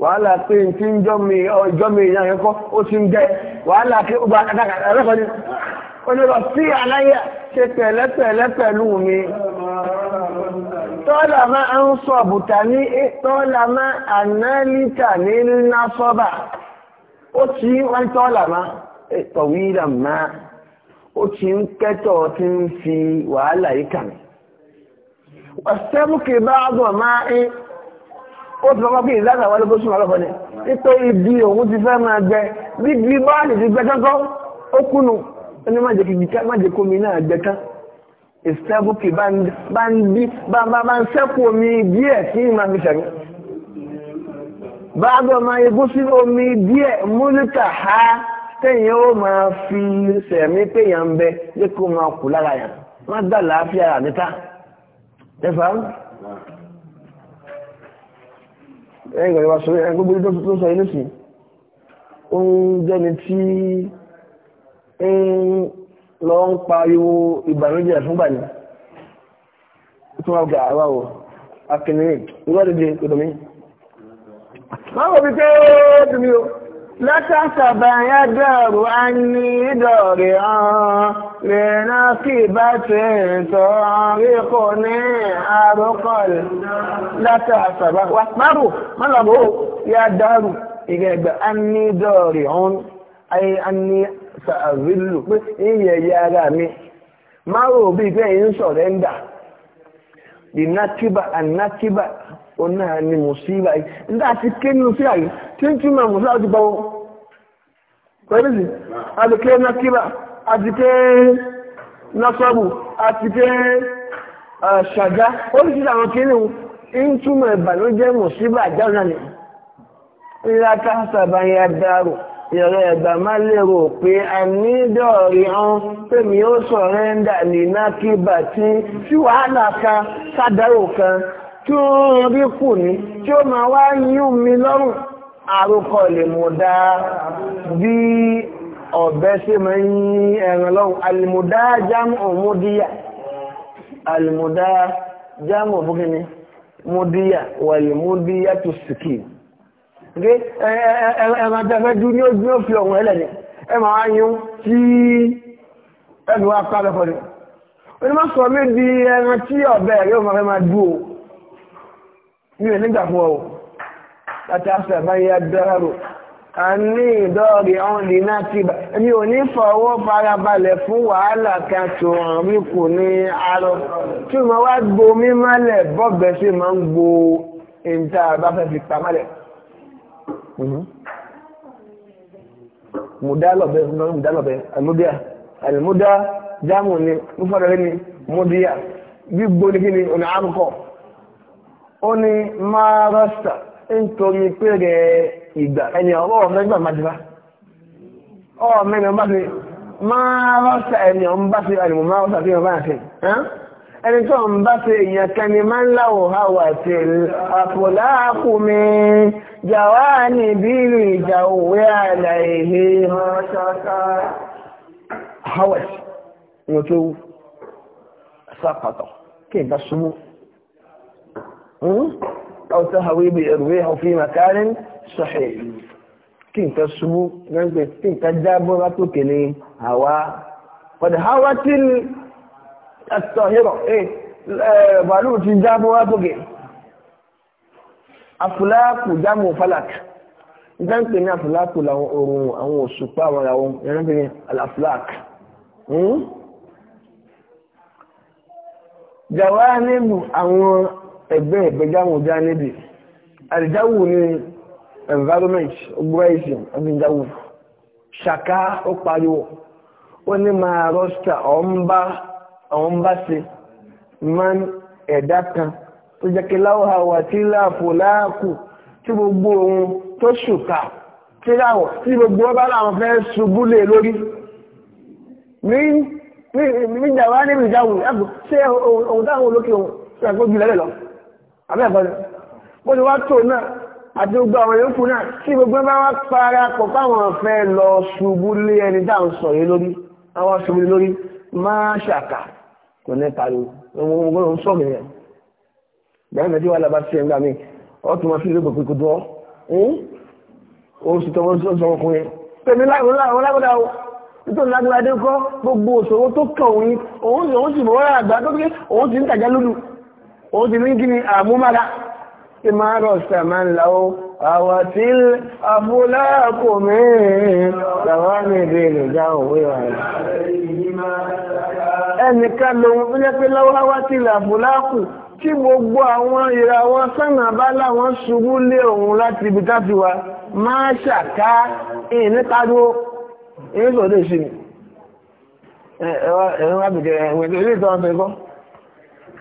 wàhálà pé n ti ń jọ́mi ọjọ́mi èèyàn yẹn ó ti ń jẹ́ wàhálà pé ó bá ẹlẹ́kọ̀ọ́ sí aláyà ṣe pẹ̀lẹ́pẹ̀lẹ́ pẹ̀lú mi. tọ́lá máa ń sọ bùtà ní tọ́lá máa ànálítà ní ńlá sọ́bà ó ti wọ́n tọ́lá máa tọ̀wí máa ó ti ń kẹ́tọ̀ tí ń fi wàhálà yìí kàn bá àgbọ̀ máa ń ó ti sọ́kọ́ pé ìlànà wà lóko súnmọ́ lọ́kọ̀ọ́lẹ̀ wípé ibi òun ti fẹ́ máa gbẹ gbígbí báàlì ti gbẹ tọ́tọ́ ó kúnu ó ní májè kómi náà gbẹ tán ìsẹ́bùkì bá ń bí bá ń sẹ́kù omi díẹ̀ sí ìmọ̀ mi sẹ́mi báàbọ̀ máa egún sí omi díẹ̀ múlítà ha téèyàn ó máa fi sẹ̀mí péyàn bẹ jẹ́ kó máa kù lára yàn má dà láàfin ara ẹ̀yìn ìgbà ìwà sọ̀rọ̀ ẹ̀yìn gbogbo tó sọ inú sí ó ń jẹ́ni tí ń lọ ń pariwo ìbànújẹ́ fúngbà ní tó wà gbà àwà o akẹ́ni ìwádìí ìgbàdìdì ìgbàdìdì máa wọ̀ látàṣàbà yá dàrú a ní ìdọ̀rẹ̀ ọ̀rọ̀ rẹ̀ náà kì bá ti tọ́ ríkò ní àrókọ̀ rẹ̀ látàṣàbà wà márùn mọ́lọ̀bọ̀ yá dàrú ìgbẹ̀gbẹ̀ a ní ìdọ̀rẹ̀ ọ̀rọ̀ ayé a ní sàrílù pé ó náà ni mùsíbà yìí nígbà tí ké nínú sí àyè tí ń túmọ̀ mùsíbà ti bọ̀ wọn. pẹ̀lú sí àdìké nákírà àdìké násọ́bù àdìké ṣàjá oríṣiríṣi àwọn kìnìún ń túmọ̀ ìbànújẹ́ mùsíbà àjáwọ̀ náà ni. ńlá káṣàbà yẹn dárò ìrẹ́ ẹ̀gbà má lérò pé a ní dọ̀rí ọ́n pèmí ó sọ̀rẹ́ndà lè náà kí bàtí sí wàhálà kan sádàrò kan tí ó ń rí kù ní tí ó máa wá yún mi lọ́rùn àrùkọ lè mọ̀ dáa bí ọ̀bẹ ṣe máa ń yí ẹran lọ́rùn alìmọ̀dá jámù òmúdíyà alìmọ̀dá jámù òmúdíyà múdíyà wàlìmúdíyà tó sìkì ẹran tẹ́fẹ́ dú ní ojú ó fi ọ̀hún ẹlẹ́ni ẹ máa yún tí ẹnu wa pàbẹ́fọ́ ni onímọ̀ sọ mí di ẹran tí ní ẹ̀ nígbà fún ọ̀wọ̀ láti àṣà bá yá dárò a ní ìdọ́ọ̀rẹ̀ ọ̀hún lè náà ti bà ní òní fọwọ́ farabalẹ̀ fún wàhálà kan tó hàn rí kù ní arọ tí mo wá gbo mímọ́lẹ̀ bọ́ọ̀bẹ̀ sí máa ń gbo ìta bá fẹ́ fi pamọ́lẹ̀ mùdálọ̀bẹ̀ mùdálọ̀bẹ̀ àlùmúdíà àlùmúdá jámù ní kí ó ní máa rọ́ṣà nítorí pé rẹ̀ ìgbà ẹni ọ̀rọ̀ ọ̀mẹ́gbà májúwá ọ̀mẹ́gbà bá ti máa rọ́ṣà ẹni ọ̀n bá ti àdìmọ̀ máa rọ́ṣà tí wọ́n bá ṣe ẹni tó ń bá ṣe èèyàn kan ni máa ń láwọ̀ àwọ̀ àti àpòláàkù mi jàwá ní bílù ìjà òwe àlàyé hawes ní o tó sápàtọ̀ kí n bá súnmọ́ Hmm? أو تهوي بإرواح في مكان صحيح kí nǹkan ṣubú rẹ́gbẹ̀ tí nǹkan jábọ́ látòkè ní àwa pẹ̀lú àwa tí ẹ̀tọ̀ hírọ̀ ẹ̀ bàálù ti jábọ́ látòkè afúláàkù jámù falak ìjá ń pè ní afúláàkù làwọn oòrùn àwọn òṣùpá àwọn ìràwọ̀ ìrìn pè ní alafúláàk jàwá nílùú àwọn ẹgbẹ́ ìgbẹ́jáwò já níbi àdìjáwò ní environment ogbúrẹ́sìn ọgbìnjáwò ṣàká ó pariwo ó ní máa rọ́ṣà ọ̀hún bá ṣe man ẹ̀dá kan tó jẹ́ kí láwọ́ àwà tí láàfò láàkù tí gbogbo ohun tó ṣùkà tí láwọ̀ tí gbogbo ọba láwọn fẹ́ ṣubú lè lórí níjàwá níbi ìjáwò ṣé ohun táwọn olókè ohun ṣàgbójú lẹ́lẹ̀ lọ abẹ́ẹ̀kọ́lẹ̀ bó ti wá tó náà àti gbogbo àwọn yòókù náà tí gbogbo bá wá para pọ̀ fáwọn ọ̀fẹ́ lọ ṣubú lé ẹni tá à ń sọ yìí lórí àwọn ṣubú lé lórí máa ṣàkà kò ní pariwo gbogbo ń sọ mi rẹ̀ bẹ́ẹ̀ mẹ́tí wà lábá sí ẹ̀ńgbà mi ọ̀tún wọn sí ilé gbogbo kò dọ́ oṣù tó wọ́n sọ ọkùnrin pẹ̀lú lágbàdá o nítorí lágbàdá kọ́ gbogbo òṣòro tó kàn òun òun sì mọ́ àgbà tó gbé òun sì ń tàjá lólu òun ti ní kí ni àmúmára tí máa rọ̀ sàmà láwọ́ àwọ̀ tí àbúláàkò mẹ́rin làwọn mẹ́rin rẹ̀ dá òwe wà rẹ̀ ẹnìkan lòun fún jẹ́ pé lọ́wọ́ wá tí làbúláàkò tí gbogbo àwọn ìràwọ̀ sánà bá láwọn ṣubú lé òun láti ibi táti wa máa ṣàká ìníkádó ìníṣòdè sí ni ẹ̀rọ àbìkẹ̀ ẹ̀wẹ̀ tó ilé ìtọ́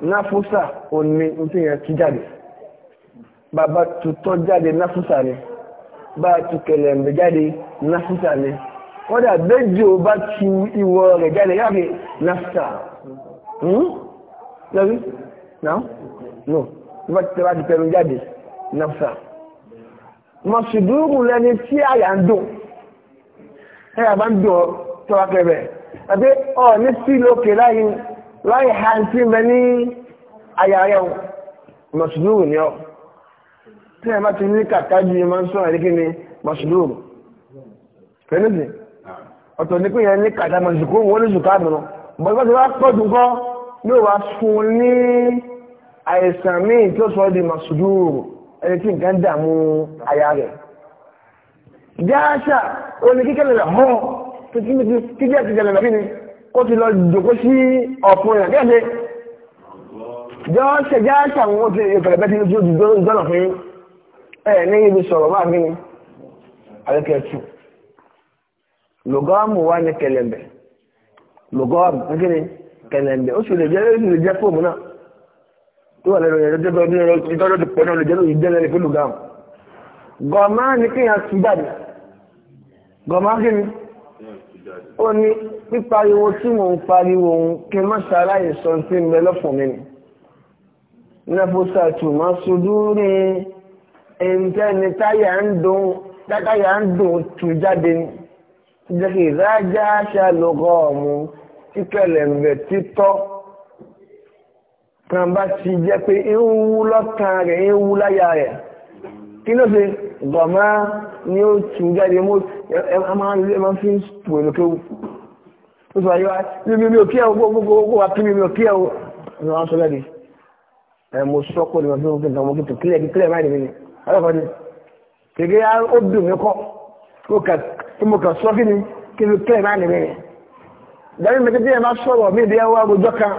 náfúsà o ní tí yẹn tú jáde bàbá tutọ́ jáde náfúsà ni bá tu kẹlẹ̀mbẹ̀ jáde náfúsà ni kọ́dà bẹ́jì ò bá tu ìwọ rẹ̀ jáde yáàfi náfúsà lọ́rí hmm? náà no bá ti tẹ́wá ti tẹ́nu jáde náfúsà mọ̀sùdúrù lẹni tí àyà ń dùn ẹ̀yà bá ń dùn tọ́wọ́ kẹfẹ́ àbí ọ̀ ní sí lókè láyé láì ha sí mẹ ní ayàrá ẹ̀wọ̀n mọ̀sùlùmù ni ọ́ tí ẹ bá ti ní kàkà ju ẹ máa ń sọ̀rọ̀ nígbà ní mọ̀sùlùmù fẹ́nìtì ọ̀tọ̀ ní pé yẹn ní kàkà mọ̀sùlùmù wọ́n ní zùkà mìíràn bọ́n bá ti wá pọ̀ jù kọ́ ní òwà fún ní àìsàn míì tó sọ di mọ̀sùlùmù ẹni tí nǹkan dààmú aya jáàṣà oníkíkẹ́ lẹ̀ hàn tó kí ní kíkẹ́ àti jẹ̀lẹ̀ lọ́kí ni kó ti lọ jòkó sí ọ̀fún rẹ̀ kẹ́ẹ̀ṣe jọ ṣe já ṣàwọn oṣù ìfẹ̀lẹ̀bẹ́ tí ó ti dọ́nà fún ẹ̀ ní ibi sọ̀rọ̀ máa fi àríkẹ̀tù lùgọ́ọ̀mù wá ní kẹlẹ̀mbẹ̀ lùgọ́ọ̀mù ní kíni kẹlẹ̀mbẹ̀ ó sì lè jẹ́ ó sì lè jẹ́ fóòmù náà tó wà lẹ́nu ìrìn tó bí ìtọ́jọ́ ti pẹ̀lú olùjẹ́ lórí jẹ́ lẹ́nu ìpínlẹ̀ gàm gọ̀ọ̀mà ní kíni ó ní pípariwo tí mò ń pariwo òun kí n má ṣaláyè sọ sí ń bẹ lọ́fọ̀ọ́ mi nì nàfọ́sà tù má sojú rí ẹ̀ǹtẹ́ni táyà ń dùn táyà ń dùn tù jáde ní jẹ́kì ìdájá ṣàlùkọ́ ọ̀mù kíkẹ̀lẹ̀ ń bẹ̀ títọ́ kan bá ti jẹ́ pé ń wú lọ́kàn rẹ̀ ń wú láyà rẹ̀ kí ló ṣe gọ̀mọ́ ni ó tún jáde mọ́ ẹ máa ń fi ń pò ní ó sọ ayé mímí mi ò kí ẹ o gbogbo wa kí mímí ò kí ẹ o ní wọn sọ jáde ẹ mo sọ pé ìwọ̀n fún kíntàn mo kíntàn kílẹ̀ kílẹ̀ máa dìbò ni ọlọ́kọ̀ ni kéke ó dùn mí kọ́ tí mo kà sọ kí ni kí ni kílẹ̀ máa dìbò ni dàbí mi kékeré máa sọ̀rọ̀ mí ìdí ẹwà ọjọ́ kan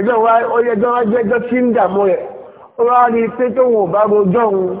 ẹjọ́ wa ọjọ́ tí ń dààmú rẹ̀ ó wá rí i pé tóun ò bá rojọ́ òun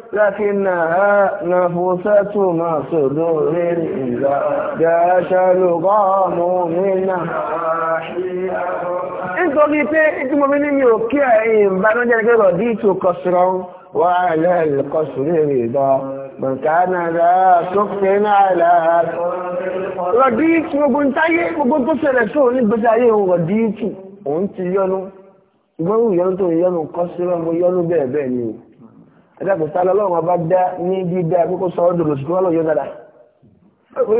لكنها نفوسة ما صدور إذا جاش لغام منها nítorí pé tí mo ní mi ò kí ẹ̀yìn ìbánújẹ́ ní kẹ́rọ̀ dí tó kọsùrọ̀ wà lẹ́lẹ̀ kọsùrọ̀ èrè ìdọ́ bọ̀nkánàdà sókè náà láàá rọ̀dí tí gbogbo táyé gbogbo tó ṣẹlẹ̀ tó ní gbèsè ayé òun rọ̀dí tù òun ti yọnu ìgbọ́n ìyọnu tó yọnu kọsùrọ̀ mo yọnu bẹ́ẹ̀ bẹ́ẹ̀ ni ẹ̀dá kò sálọ lọ́wọ́ ọba dá ní dídá kókó sọ ọ́ dòdò ṣùgbọ́n lọ́yọ́ dáadáa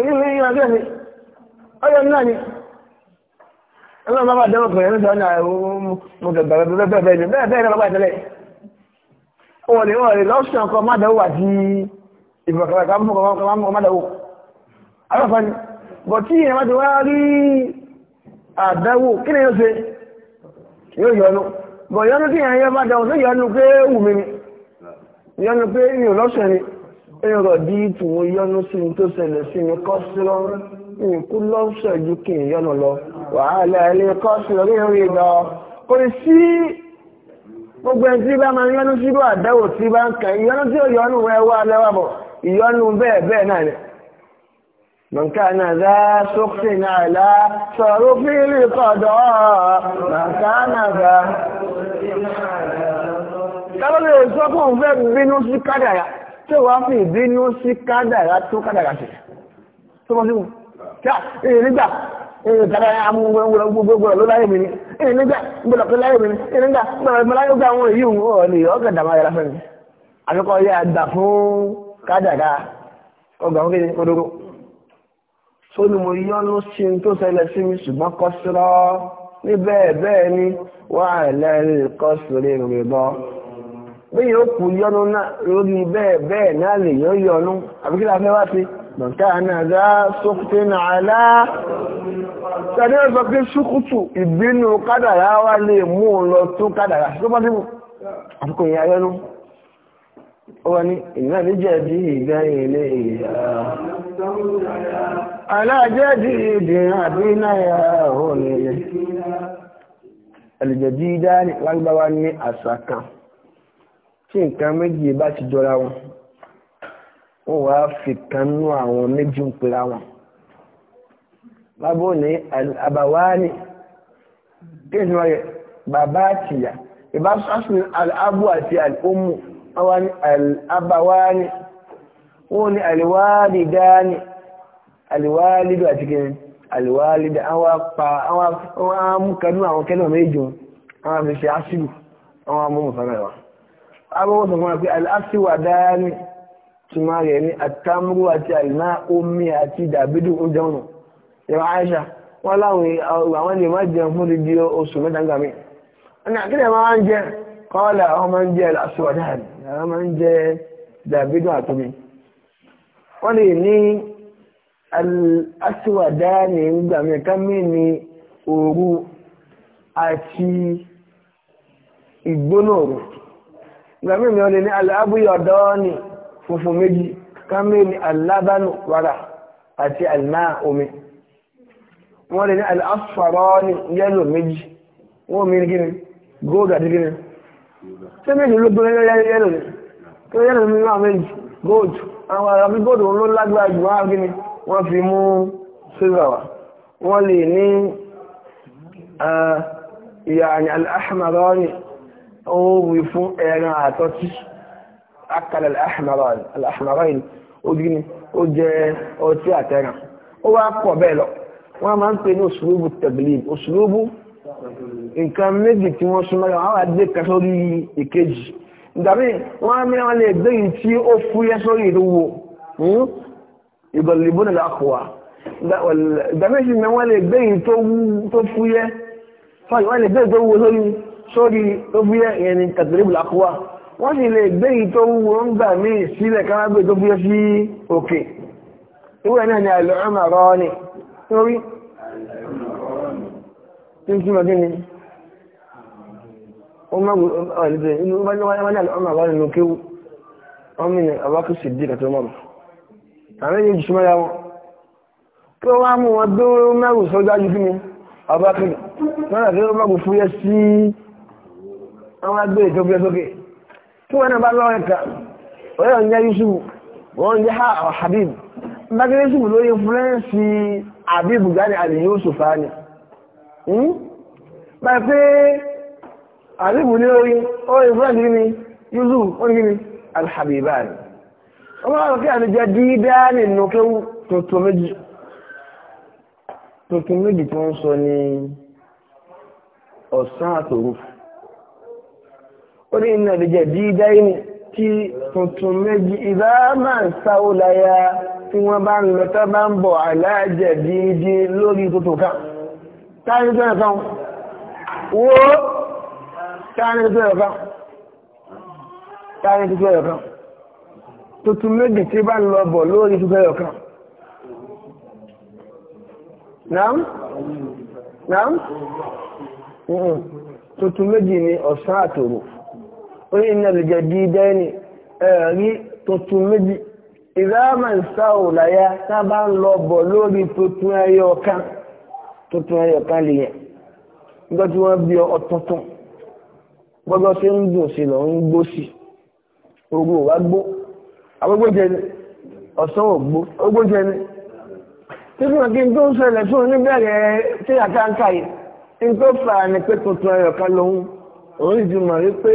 ilé yín adé ni ọyọ náà ni ẹgbẹ́ bàbá àdéhùn pẹ̀lú ẹ̀rọ sọ́nà mo gẹ̀gbà bẹ́ẹ̀ bẹ́ẹ̀ bẹ́ẹ̀ bẹ́ẹ̀ bẹ́ẹ̀ bàbá ìtẹ́lẹ̀ wọ́n lè wọ́n lè lọ́sàn kan má dáwó àti ìfọ̀kàlàkà mọ́kànlá má dáwó bọ̀ tí ìyẹn bá ti wá rí àdáwó kí ni yóò ṣe yóò yọnu bọ̀ yọnu tí ìyẹn bá dáwó tó yọnu pé wù ni ìyọnu pé èèyàn lọ́sẹ̀ ni èèyàn rọ̀ di ìtùwọ̀n ìyọnu sí ni tó ṣẹlẹ̀ sí ni kọ́ sí lọ́rùn ní kú lọ́sẹ̀ ju kí ìyọnu lọ wàhálà ilé kọ́ sí lórí orí lọ kò sí gbogbo ẹni tí bá máa ń yọnu sí bó àdáwò tí bá ń kàn ìyọnu tí ó yọnu rẹ wá lẹ́wà bọ̀ ìyọnu bẹ́ẹ̀ bẹ́ẹ̀ náà ni. من كان ذا سخط على صرف القضاء من كان ذا tàbí sọ fún òun fẹ́ bínú sí kádàrá tí wọ́n fi ìbínú sí kádàrá tó kádàrá sí tó mọ́ sí mú kíá èyí nígbà èyí tàbí amúgbẹ́gbẹ́ ló láyé mi ni èyí nígbà gbọ́dọ̀ láyé mi ni èyí nígbà gbọ́dọ̀ láyé ní bí yóò kú yọnu lórí bẹ́ẹ̀ bẹ́ẹ̀ náà lè yóò yọnu àbíkílà fẹ́ wá sí mọ̀tá ànáàdá sókúté náà láá tàbí ọ̀sọ̀ pé ṣúkútù ìbínú kádàrá wá lè mú un lọ tún kádàrá tó bá síbù àfikún ìyá yọnu ó wá ní ìná ní jẹ̀bi ìgbà ilé ní àṣà kan tí nǹkan méjì bá ti jọra wọn wọn wá fi kan nú àwọn méjì ń pera wọn bábò ní àbáwáni kéèsì wáyé bàbá àtìyà ìbá sásùn alábù àti àlùmù àwọn àbáwáni wọn ni àlùwálìdáni àlùwálìdó àti kìnnìkan àlùwálìdá àwọn amúkanú àwọn kẹ́lọ̀ méjì wọn àwọn àfẹsẹ̀ àṣìlù àwọn amúmùsọ̀rọ̀ wọn àwọn ọ̀sán fún wa pé aláṣíwà dáa ní túnmá rẹ̀ ní àtàmúrú àti àìná omi àti dàbídù oúnjẹ ọ̀nà ìwà Aisha wọ́n láwọn àwọn lè má jẹun fún dídí oṣù mẹ́ta ń àti ìgbóná òru ìgbàmí mi ò lè ní alábúyọ̀dọ́ ni funfun méjì kámi ní alábánú wàrà àti àlìmá omi wọ́n lè ní aláfàrọ́ ni yẹ́lò méjì wọ́n mi ní kíni góòdù àti kíni ṣé méjì ló gbé yẹ́lò ni kí wọ́n yẹ́lò mi máa méjì góòdù wọ́n á kíni wọ́n fi mú ní ah, oòrùn fún ẹran àtọ́tí akàlẹ̀ àhàmàráìn ojúni ó jẹ ọtí àtẹ́ràn ó wá pọ̀ bẹ́ẹ̀ lọ wọ́n máa ń pè ní òṣùlúbù tẹ̀bìlìb òṣùlúbù nǹkan méjì tí wọ́n súnmọ́ yọ àwọn àdé kan sórí ìkejì ìgbàmí wọ́n á mìíràn lè gbé yìí tí ó fúyẹ́ sórí ìlúwo hmm? ìgbàlùbọ́n nílò àkùwà ìgbàmí sì ni wọ́n lè gbé yìí tó fúyẹ́ wọ́n lè gbé yìí tó wúwo sórí sórí tó búyẹ́ ìyẹn ni kàtàlébù lákúwà wọ́n sì lè gbé yìí tó wúwo ń gbà mí sílẹ̀ kárágbé tó búyẹ́ sí òkè ìwé náà ni àìlọ́rọ̀mà rọ́ ni sórí tí ń ni ó má gbé ọ̀lẹ́bẹ̀ inú bá ní wáyé àìlọ́rọ̀mà rọ́ nínú ni àwákù sì dì kàtó mọ́mù àwọn agbé ìjọba sókè tí wọ́n náà bá lọ́wọ́ ẹ̀ka ọ̀yọ́ ń jẹ́ yusuf wọ́n ń jẹ́ habib bákan yusuf ló yẹ fúrẹ́ǹsì habib gani àti yusuf fani hmm? báyìí pé habib ní oyin ó yẹ fúrẹ́ǹsì gini yusuf ó ní gini alhabibani wọ́n máa rọ̀kẹ́ àti jẹ́ dídá nínú tuntun méjì tó ń sọ ní ọ̀sán àtòrúfù orí iná lè jẹ́ bí dáínì tí tuntun méjì ìbá máa ń sáwó láyá tí wọ́n bá ń lọ tó bá ń bọ̀ aláàjẹ̀ dídí lórí tuntun kan táyé tó ẹ̀kan wó táyé tó ẹ̀kan táyé tó ẹ̀kan tuntun méjì tí bá ń lọ bọ̀ lórí tuntun ẹ̀kan Naam? Naam? Tuntun méjì ni ọ̀sán àtòrò orí iná lè jẹ́ di dẹ́ni ẹ̀rí tuntun méjì ìrámàn sáwò láyá sábà ń lọ bọ̀ lórí tuntun ẹyọ kan tuntun ẹyọ kan lè yẹn nígbà tí wọ́n bí ọ tuntun gbọ́dọ̀ tí ń dùn sí lọ ń gbó sí ogun ò wá gbó agbógbó jẹ ni ọ̀sán ò gbó ogbó jẹ ni títí wọn kí n tó ń ṣẹlẹ̀ fún oníbẹ̀rẹ̀ tí àkáǹkà yìí n tó fà á ni pé tuntun ẹyọ kan lòun òun sì ti mọ̀ wípé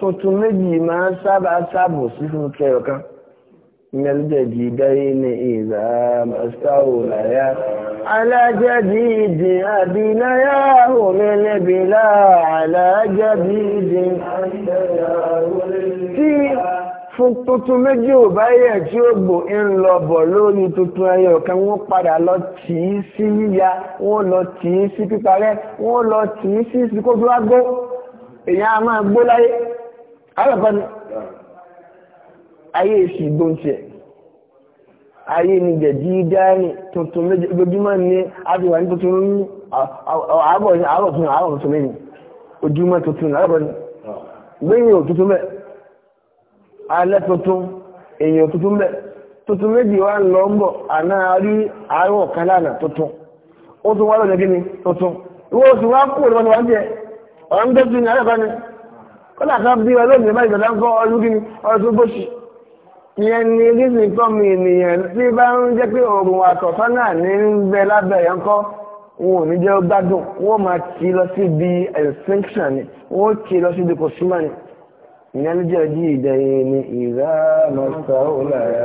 tuntun méjì máa ń sábà sábò sí fún kẹyọ kan ìgbàlódéjì dáyé ní ìlà mọ́sáwò láyá alájẹ́bí ìdí àbínáyá òmìnirbílá alájẹ́bí ìdí tí fún tuntun méjì ò bá yẹ tí ó gbò ń lọ bọ̀ lórí tuntun ẹyọ kan wọ́n padà lọ tì í sí yíya wọ́n lọ tì í sí píparẹ́ wọ́n lọ tì í sí ìsìnkú èèyàn a máa gbó láyé alábàánu aye a gbóǹsẹ̀ aye ni gẹ̀dí dáánì tuntun lójúmọ́ ní àbíwá ní tuntun ní àárọ̀ ni àárọ̀ tuntun lẹ́yìn ojúmọ́ tuntun alábàánu lẹ́yìn ò tuntun mẹ́ alẹ́ tuntun èèyàn tuntun mẹ́ tuntun méjì wá ń lọ ń bọ̀ àná rí àárọ̀ kan lánàá tuntun ó tún wá lọ́dọ̀ kí ni tuntun ìwọ́n oṣù wá kúrò lọ́dọ̀ wá kọ́lá kan bí ọ lóògbé bá ìgbàdá ń kọ́ ọdún kí ni ọdún bóṣì ìyẹn ni gígùn tọ́ mi ènìyàn tí bá ń jẹ́ pé oòrùn àtọ̀tọ́ náà ní ń bẹ lábẹ́ yẹn kọ́ wọn ò ní jẹ́ ó gbádùn wọ́n máa kì í lọ síbi extinction ni wọ́n kì í lọ síbi kòsímà ni ìyẹn ló jẹ́ ojú ìdẹ̀yìn ni ìrá mọ́tà ó láyà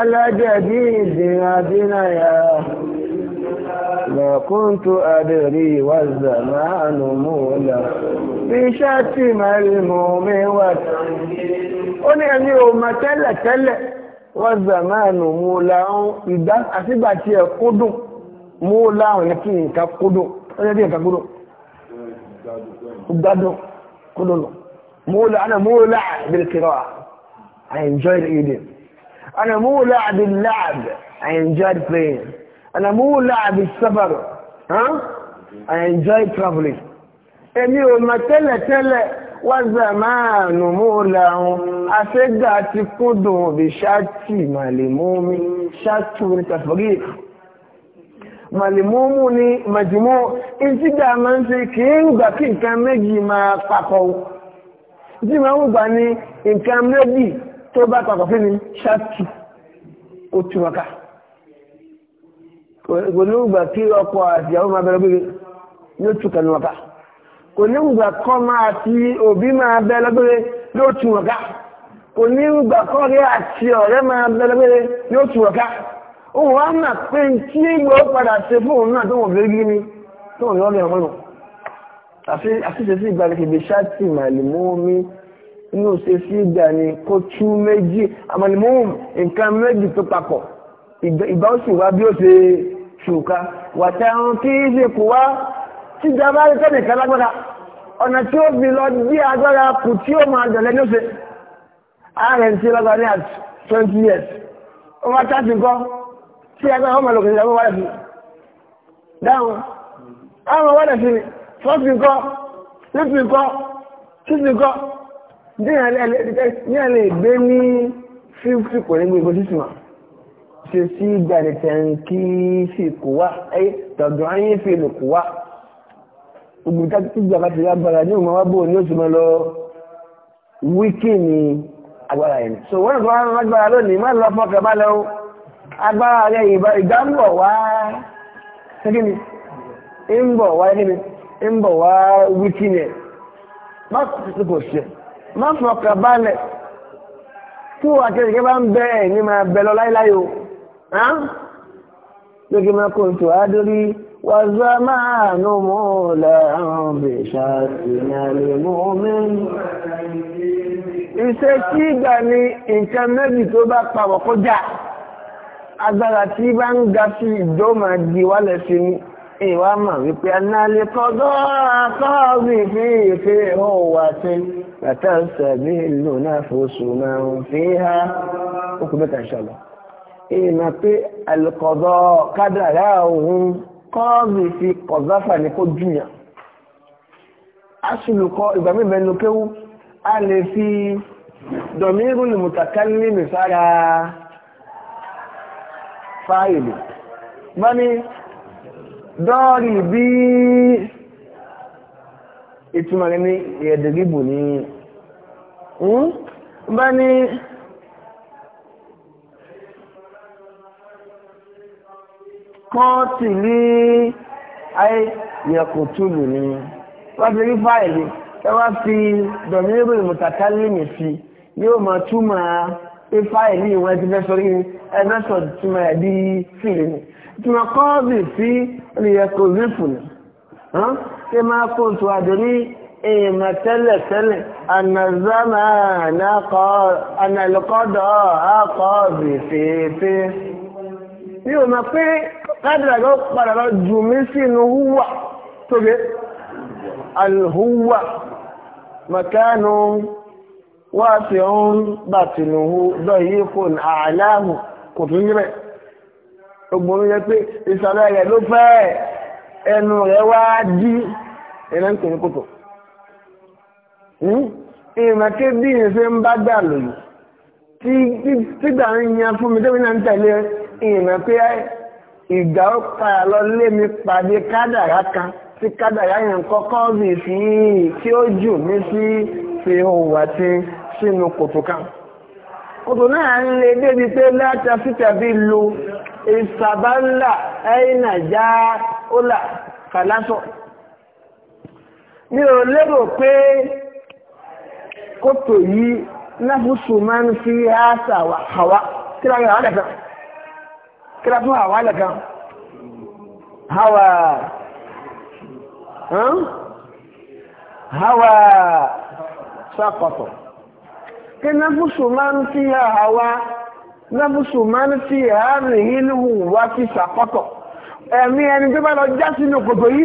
alájẹ́ bí ìdìrà dínà yà. ما كنت أدري والزمان مولى بشتم المؤمن وتعني أني أمتلة تلة والزمان مولى إذا أسيبتي قدو mọ́lá ọ̀nà kí nǹkan kódò ọjọ́ bí nǹkan kódò gbádùn kódò lọ mọ́lá ana mọ́lá bilkirawa I enjoyed eating ana mọ́lá bil la'ab I enjoyed playing and amúhùlà àbí sábàrò I enjoy traveling èmi ò mọ̀ tẹ́lẹ̀tẹ́lẹ̀ wáza máa nù mú làwọn àṣẹ́gbà ti kúndùn òbí ṣáàtì màlèmọ́mí ṣáàtì ní tàfọ́rí màlèmọ́mú ni màjùmọ́ ìtìgbà máa ń ṣe kì í gbà kí nǹkan méjì máa papọ̀ tí máa ń gbà ní nǹkan méjì tó bá papọ̀ fún mi ṣáàtì ó túwọ́ká gbogbo kí ọkọ̀ àti ìyàwó máa bẹ̀rẹ̀ gbére ní ó túkẹ̀ níwọ̀ká kò ní ìgbà kọ́ máa ti òbí máa bẹ́ lọ́gbére ní ó tù wọ̀ká kò ní ìgbà kọ́ rí àti ọ̀rẹ́ máa bẹ́ lọ́gbére ní ó tù wọ̀ká òun wá mà pé tí ìgbà ó padà ṣe fún òun náà tó wọ̀n bẹ́ẹ̀ gírí ni tó wọ̀n yọ́ lẹ́yìn ọmọ àfihàn sí ìgbà ní ṣáàtì màlìmọ́mí inú ṣe sí ìgbà ní kó tú méjì àmàlìmọ́mù nǹkan méjì tó papọ̀ ìgbà ó sì wá bí ó ṣe ṣùkà wàtàrún tí ìgbè kò wá tí jàmbá rí tẹ́lẹ̀ kálágbára ọ̀nà tí ó fi lọ bí agbára kù tí ó máa dọ̀lẹ́ lóṣe rnc lọ́gbà ní at years ó wá tá sí kọ́ tí agbára ọmọ lòkè ìjàmbá wálẹ̀ sí dáhùn àwọn wálẹ̀ sí fọ́sì kọ́ lípì kọ́ títì kọ́ díẹ̀ lè gbé ní fífì kò ìgbésí sí wọn ce siga da tanki fi kuwa ai tagbayin fi kuwa ugbùta tíjà bá ti lágbára ní ọmọ wábò ní oṣù mọ́ lọ wíkì ní agbára ẹni so wọ́n tó wọ́n lágbára lónìí má lọ fọ́kẹ̀ má lọ agbára rẹ̀ ìgbà ń bọ̀ wá ṣẹ́gìnì ń bọ̀ wá ṣẹ́gìnì ń bọ̀ wá wíkì ní ẹ̀ má kò ṣe má fọ́kẹ̀ balẹ̀ tó akẹ́kẹ́ bá ń bẹ́ẹ̀ ní máa bẹ lọ láíláyò lókè máa kò tó adórí wàzá máa nù mú láàrùn bèṣà ìrìnàlè mú mẹ́rin iṣẹ́ tí ìgbà ni nǹkan méjì tó bá pàwọ̀ kọjá agbára tí bá ń ga sí ìjọ máa di wálẹ̀ sí ni ìwà mọ̀ wípé anáàlè kọ́gọ́ àkọ́ọ̀bì fi ìfẹ́ òwà tí bàtà sẹ̀bí ìlú náà fòṣù máa ń fi há ó kú bẹ́tà ìṣọ̀lọ́ ìmọ̀ pé àlùkọ̀dọ̀ kádàrá òun kọ́ọ̀mì fi kọ̀dáfà ní kó jùyàn aṣùlùkọ ìgbà mímẹ́ ló kéwú a lè fi dọ̀míìrù lè mùtàkálí mi sára fáìlì bá ní dọ́ọ̀rì bí ìtumọ̀ rẹ̀ hmm? ní ìyẹ̀dẹ̀gìbò ní bá ní. kọ́ọ̀tì ní ayé yẹkùtùlù ni wọ́n fi rí fáìlì ẹ wá fi dọ̀míìrù ìmùtàkálìmì sí yóò máa túmọ̀ pé fáìlì ìwọ̀n ti fẹ́ sọ rí ẹgbẹ́ sọ túmọ̀ ẹ̀ bí fìlì ni túmọ̀ kọ́ọ̀bì sí olùyẹkùnzífù ni ṣé máa kó oṣù àdó ní èèmọ̀ tẹ́lẹ̀ tẹ́lẹ̀ ànàzámà ànàlùkọ́dọ̀ àkọ́ọ̀bì fèèfèé ní o mọ̀ pé ládìràgọ́ padà lọ jù mí sínú húwà tóbi alhúwà mọ̀kánú wá sí ọ̀hún bàtìlúhú dọ̀yí fún àláhù kò tún níbẹ̀ ogun ló yẹ pé ìsàlẹ̀ rẹ̀ ló fẹ́ ẹnu rẹ̀ wá dí ẹ̀rẹ́ ń kèrè kòtò hmm? ìrìnàké bí ìrìnṣẹ́ ń bá gbà lòyìn tí gbà ń yan fún mi tẹ́wé ń tẹ̀lé ìmọ̀ pé ìgbà ó padà lọ lé mi pàdé kádàrá kan tí kádàrá yẹn kọ́kọ́ bì sí tí ó jù mí sí fi hùwà ti sínú kòtò kan kòtò náà ń lè débi pé látàfítàbí lo ìsàbálà ẹ̀yìnà já ó là kàlásọ̀ mi ò lérò pé kòtò yìí náfúsù máa ń fi áṣà wà kàwá kí lára àwọn àdàkàn kíra fún àwọn alẹ́kan hawa hawa sápọ̀tọ̀ kí náfúsù máa ń tí ha hawa náfúsù máa ń tí ha rìn hù wá sí sápọ̀tọ̀ ẹ̀mí ẹni tó bá lọ já sínú kòtò yìí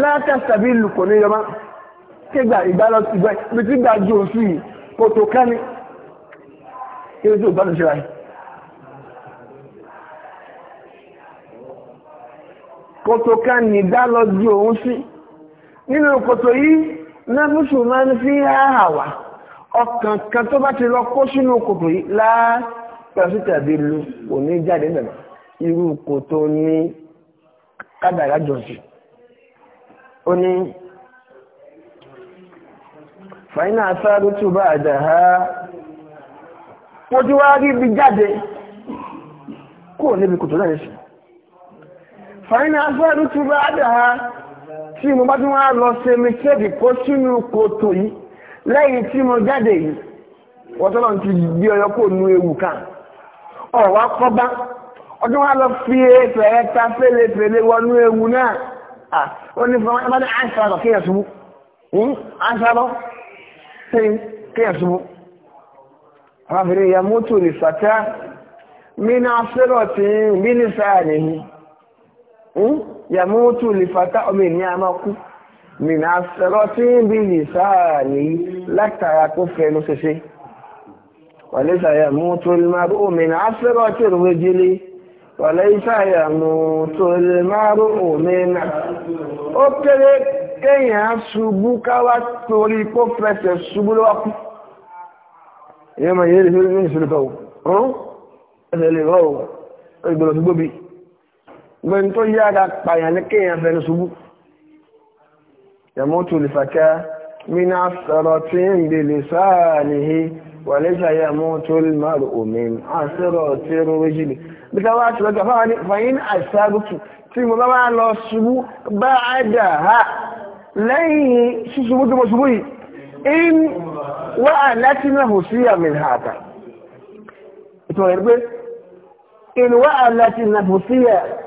látàtàbí lùkò ní yọmá kígbà ìgbàlọ́ ìgbà ju òsì kòtò kẹ́ni kí ló tó bá tó ṣe ráyìí kòtò kan nìdá lọ ju òun sí nínú kòtò yìí náfúsù máa ń fi háhà ọkàn kan tó bá ti lọ kó sínú kòtò yìí láá tàbí lu kò ní jáde bẹ̀rẹ̀ irú kòtò ní kádàrá jọ̀sí ó ní fàínà sáré tó bá àdáhá wá rí fàyínà agbẹ́rù ti bá dáa tí mo bá tún wá lọ mi kó sínú kòtò yìí lẹ́yìn tí mo jáde yìí ti gbé ọyọ́ kò nu ewu ọ̀wá kọ́bá ọdún lọ fi èèfẹ̀ wọnú ewu náà ó ní fún ṣubú ṣubú àwọn ìyá yàmútù lè fata ọmọ ènìyàn máa kú mìnà sọ̀rọ̀ tí ń bí lè sáà ní látara kó fẹnu ṣẹṣẹ wàlẹ́ sàyàmútù lè máa rú òmìnà sọ̀rọ̀ tí ò rẹ́jẹ́lé wàlẹ́ sàyàmútù lè máa rú òmìnà ó kéré kéèyàn ṣubú káwá torí kó fẹsẹ̀ ṣubú lọ́wọ́ kú ìyẹn máa yẹ́ ìṣòro ní ìṣòro tó rún ẹsẹ̀ lè rọrùn ìgbọ̀lọ̀ṣùgbọ́bí gbẹ̀n tó yára pààyàn ní kéèyàn fẹ́ni ṣubú yàmótù lìfàkẹ́ mina sọ̀rọ̀ tí ń lè lè sáà nìyí wà lẹ́sà yàmótù lìmọ́rù omi àṣírọ̀ tí ń rújì lè bí ká wá ti lọ́jọ́ fáwọn ní fàyín àṣàrùtù tí mo bá wá lọ ṣubú bá àdà ha lẹ́yìn ṣíṣubú tó mo ṣubú yìí in wà láti náà hù sí àmì àtà ìtọ̀ rẹ̀ in wà láti náà hù sí àmì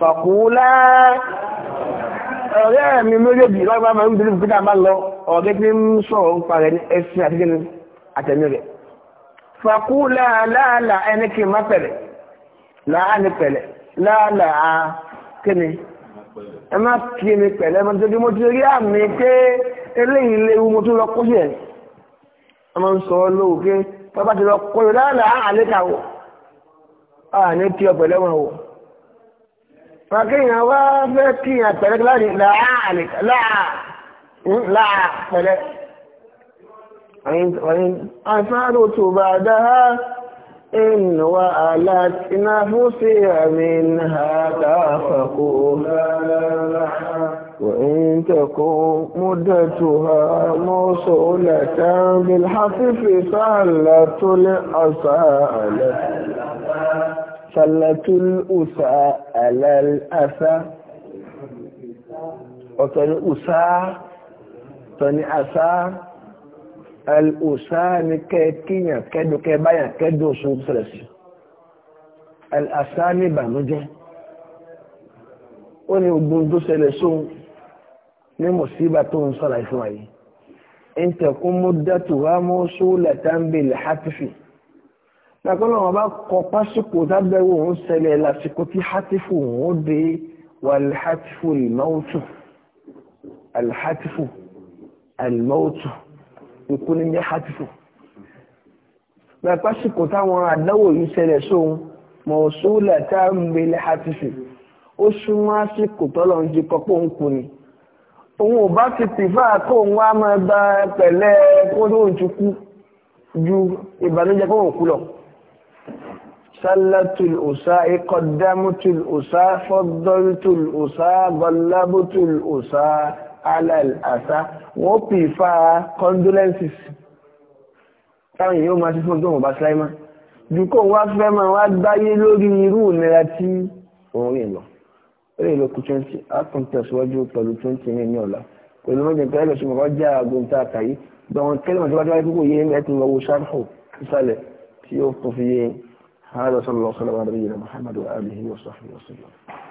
fàkúlá ọ̀rẹ́ mi méjèèjì lọ́gbà máa ń dìrí pítà bá lọ ọ̀rẹ́ tí ń sọ̀rọ̀ ń parẹ́ ní ẹsẹ̀ àti gẹ́nu àtẹ̀mí rẹ̀ fàkúlá láàlà ẹni kí n má pẹ̀lẹ̀ láàánì pẹ̀lẹ̀ láàlà kíni ẹ má kíni pẹ̀lẹ̀ ẹ má tó mo ti rí àmì pé eléyìí léwu mo tún lọ kó sí ẹ má ń sọ lóòkè bàbá ti lọ kó láàlà àlékà wò àní tí ọ pẹ̀lẹ́ wọn wò. فقينا وفكينا تلك لاني لا عالك لا لا تلك وإن وإن أفادت بعدها إن وألت نفسي منها تفقوها وإن تكون مدتها موصولة بالحفيف صلت لأصالة salatul usa alal asa ọ̀tọ̀ ni usa ọ̀tọ̀ ni asa al usa ni kẹ́ kíyàn kẹ́dùn kẹ́ báyàn kẹ́dùn oṣù sẹ̀rẹ̀ sí al asa ni ìbànújẹ́ ó ní ogun tó ṣẹlẹ̀ sóhun ní mùsíbà tó ń sọ̀rọ̀ ìfún wa yìí mú dátù wá mú sólẹ̀ tá bèèrè hátìfì lákọ́lọ́ wọn bá kọ pásíkò tábẹ́wò ń ṣẹlẹ̀ lásìkò tí hátìfù ń dé wàlhátìfù ìmọ́ọ̀tù alhátìfù almọ́ọ̀tù ikú ní jẹ́ hátìfù bá pásíkò táwọn àdáwò yìí ṣẹlẹ̀ sóhun mọ̀ọ́sọ́lá tá ń gbélé hátìfù ó súnmọ́ àsìkò tọ́lọ́ ń jí kọ́pọ̀ ń kú ni òun ò bá ti tìfà kó òun wá máa gba pẹ̀lẹ́ kó lóun ti kú ju ìbànújẹ́ kó òun kú lọ. سلت الأساء قدمت الأساء فضلت الأساء غلبت الأساء على الأساء wọ́n pè fa condolences táwọn èèyàn máa ṣe fún tó wọ́n bá sláìmá dùkọ́ wá fẹ́ máa wá gbáyé lórí irú ìnira tí òun rìn lọ rìn lọ kú 20 ápùn tẹ̀síwájú pẹ̀lú 20 ní ọ̀la pẹ̀lú mọ́jẹ̀ pẹ̀lú ẹ̀lọ́sùn mọ̀kọ́ jẹ́ àgùn tá a kà yìí gbọ̀n kẹ́lẹ́mọ̀ tí wọ́n ti wáyé púpọ̀ yé ẹ̀tún lọ́wọ́ sáfò ìsàlẹ̀ tí ó tó fi yé هذا صلى الله عليه وسلم على نبينا محمد وآله وصحبه وسلم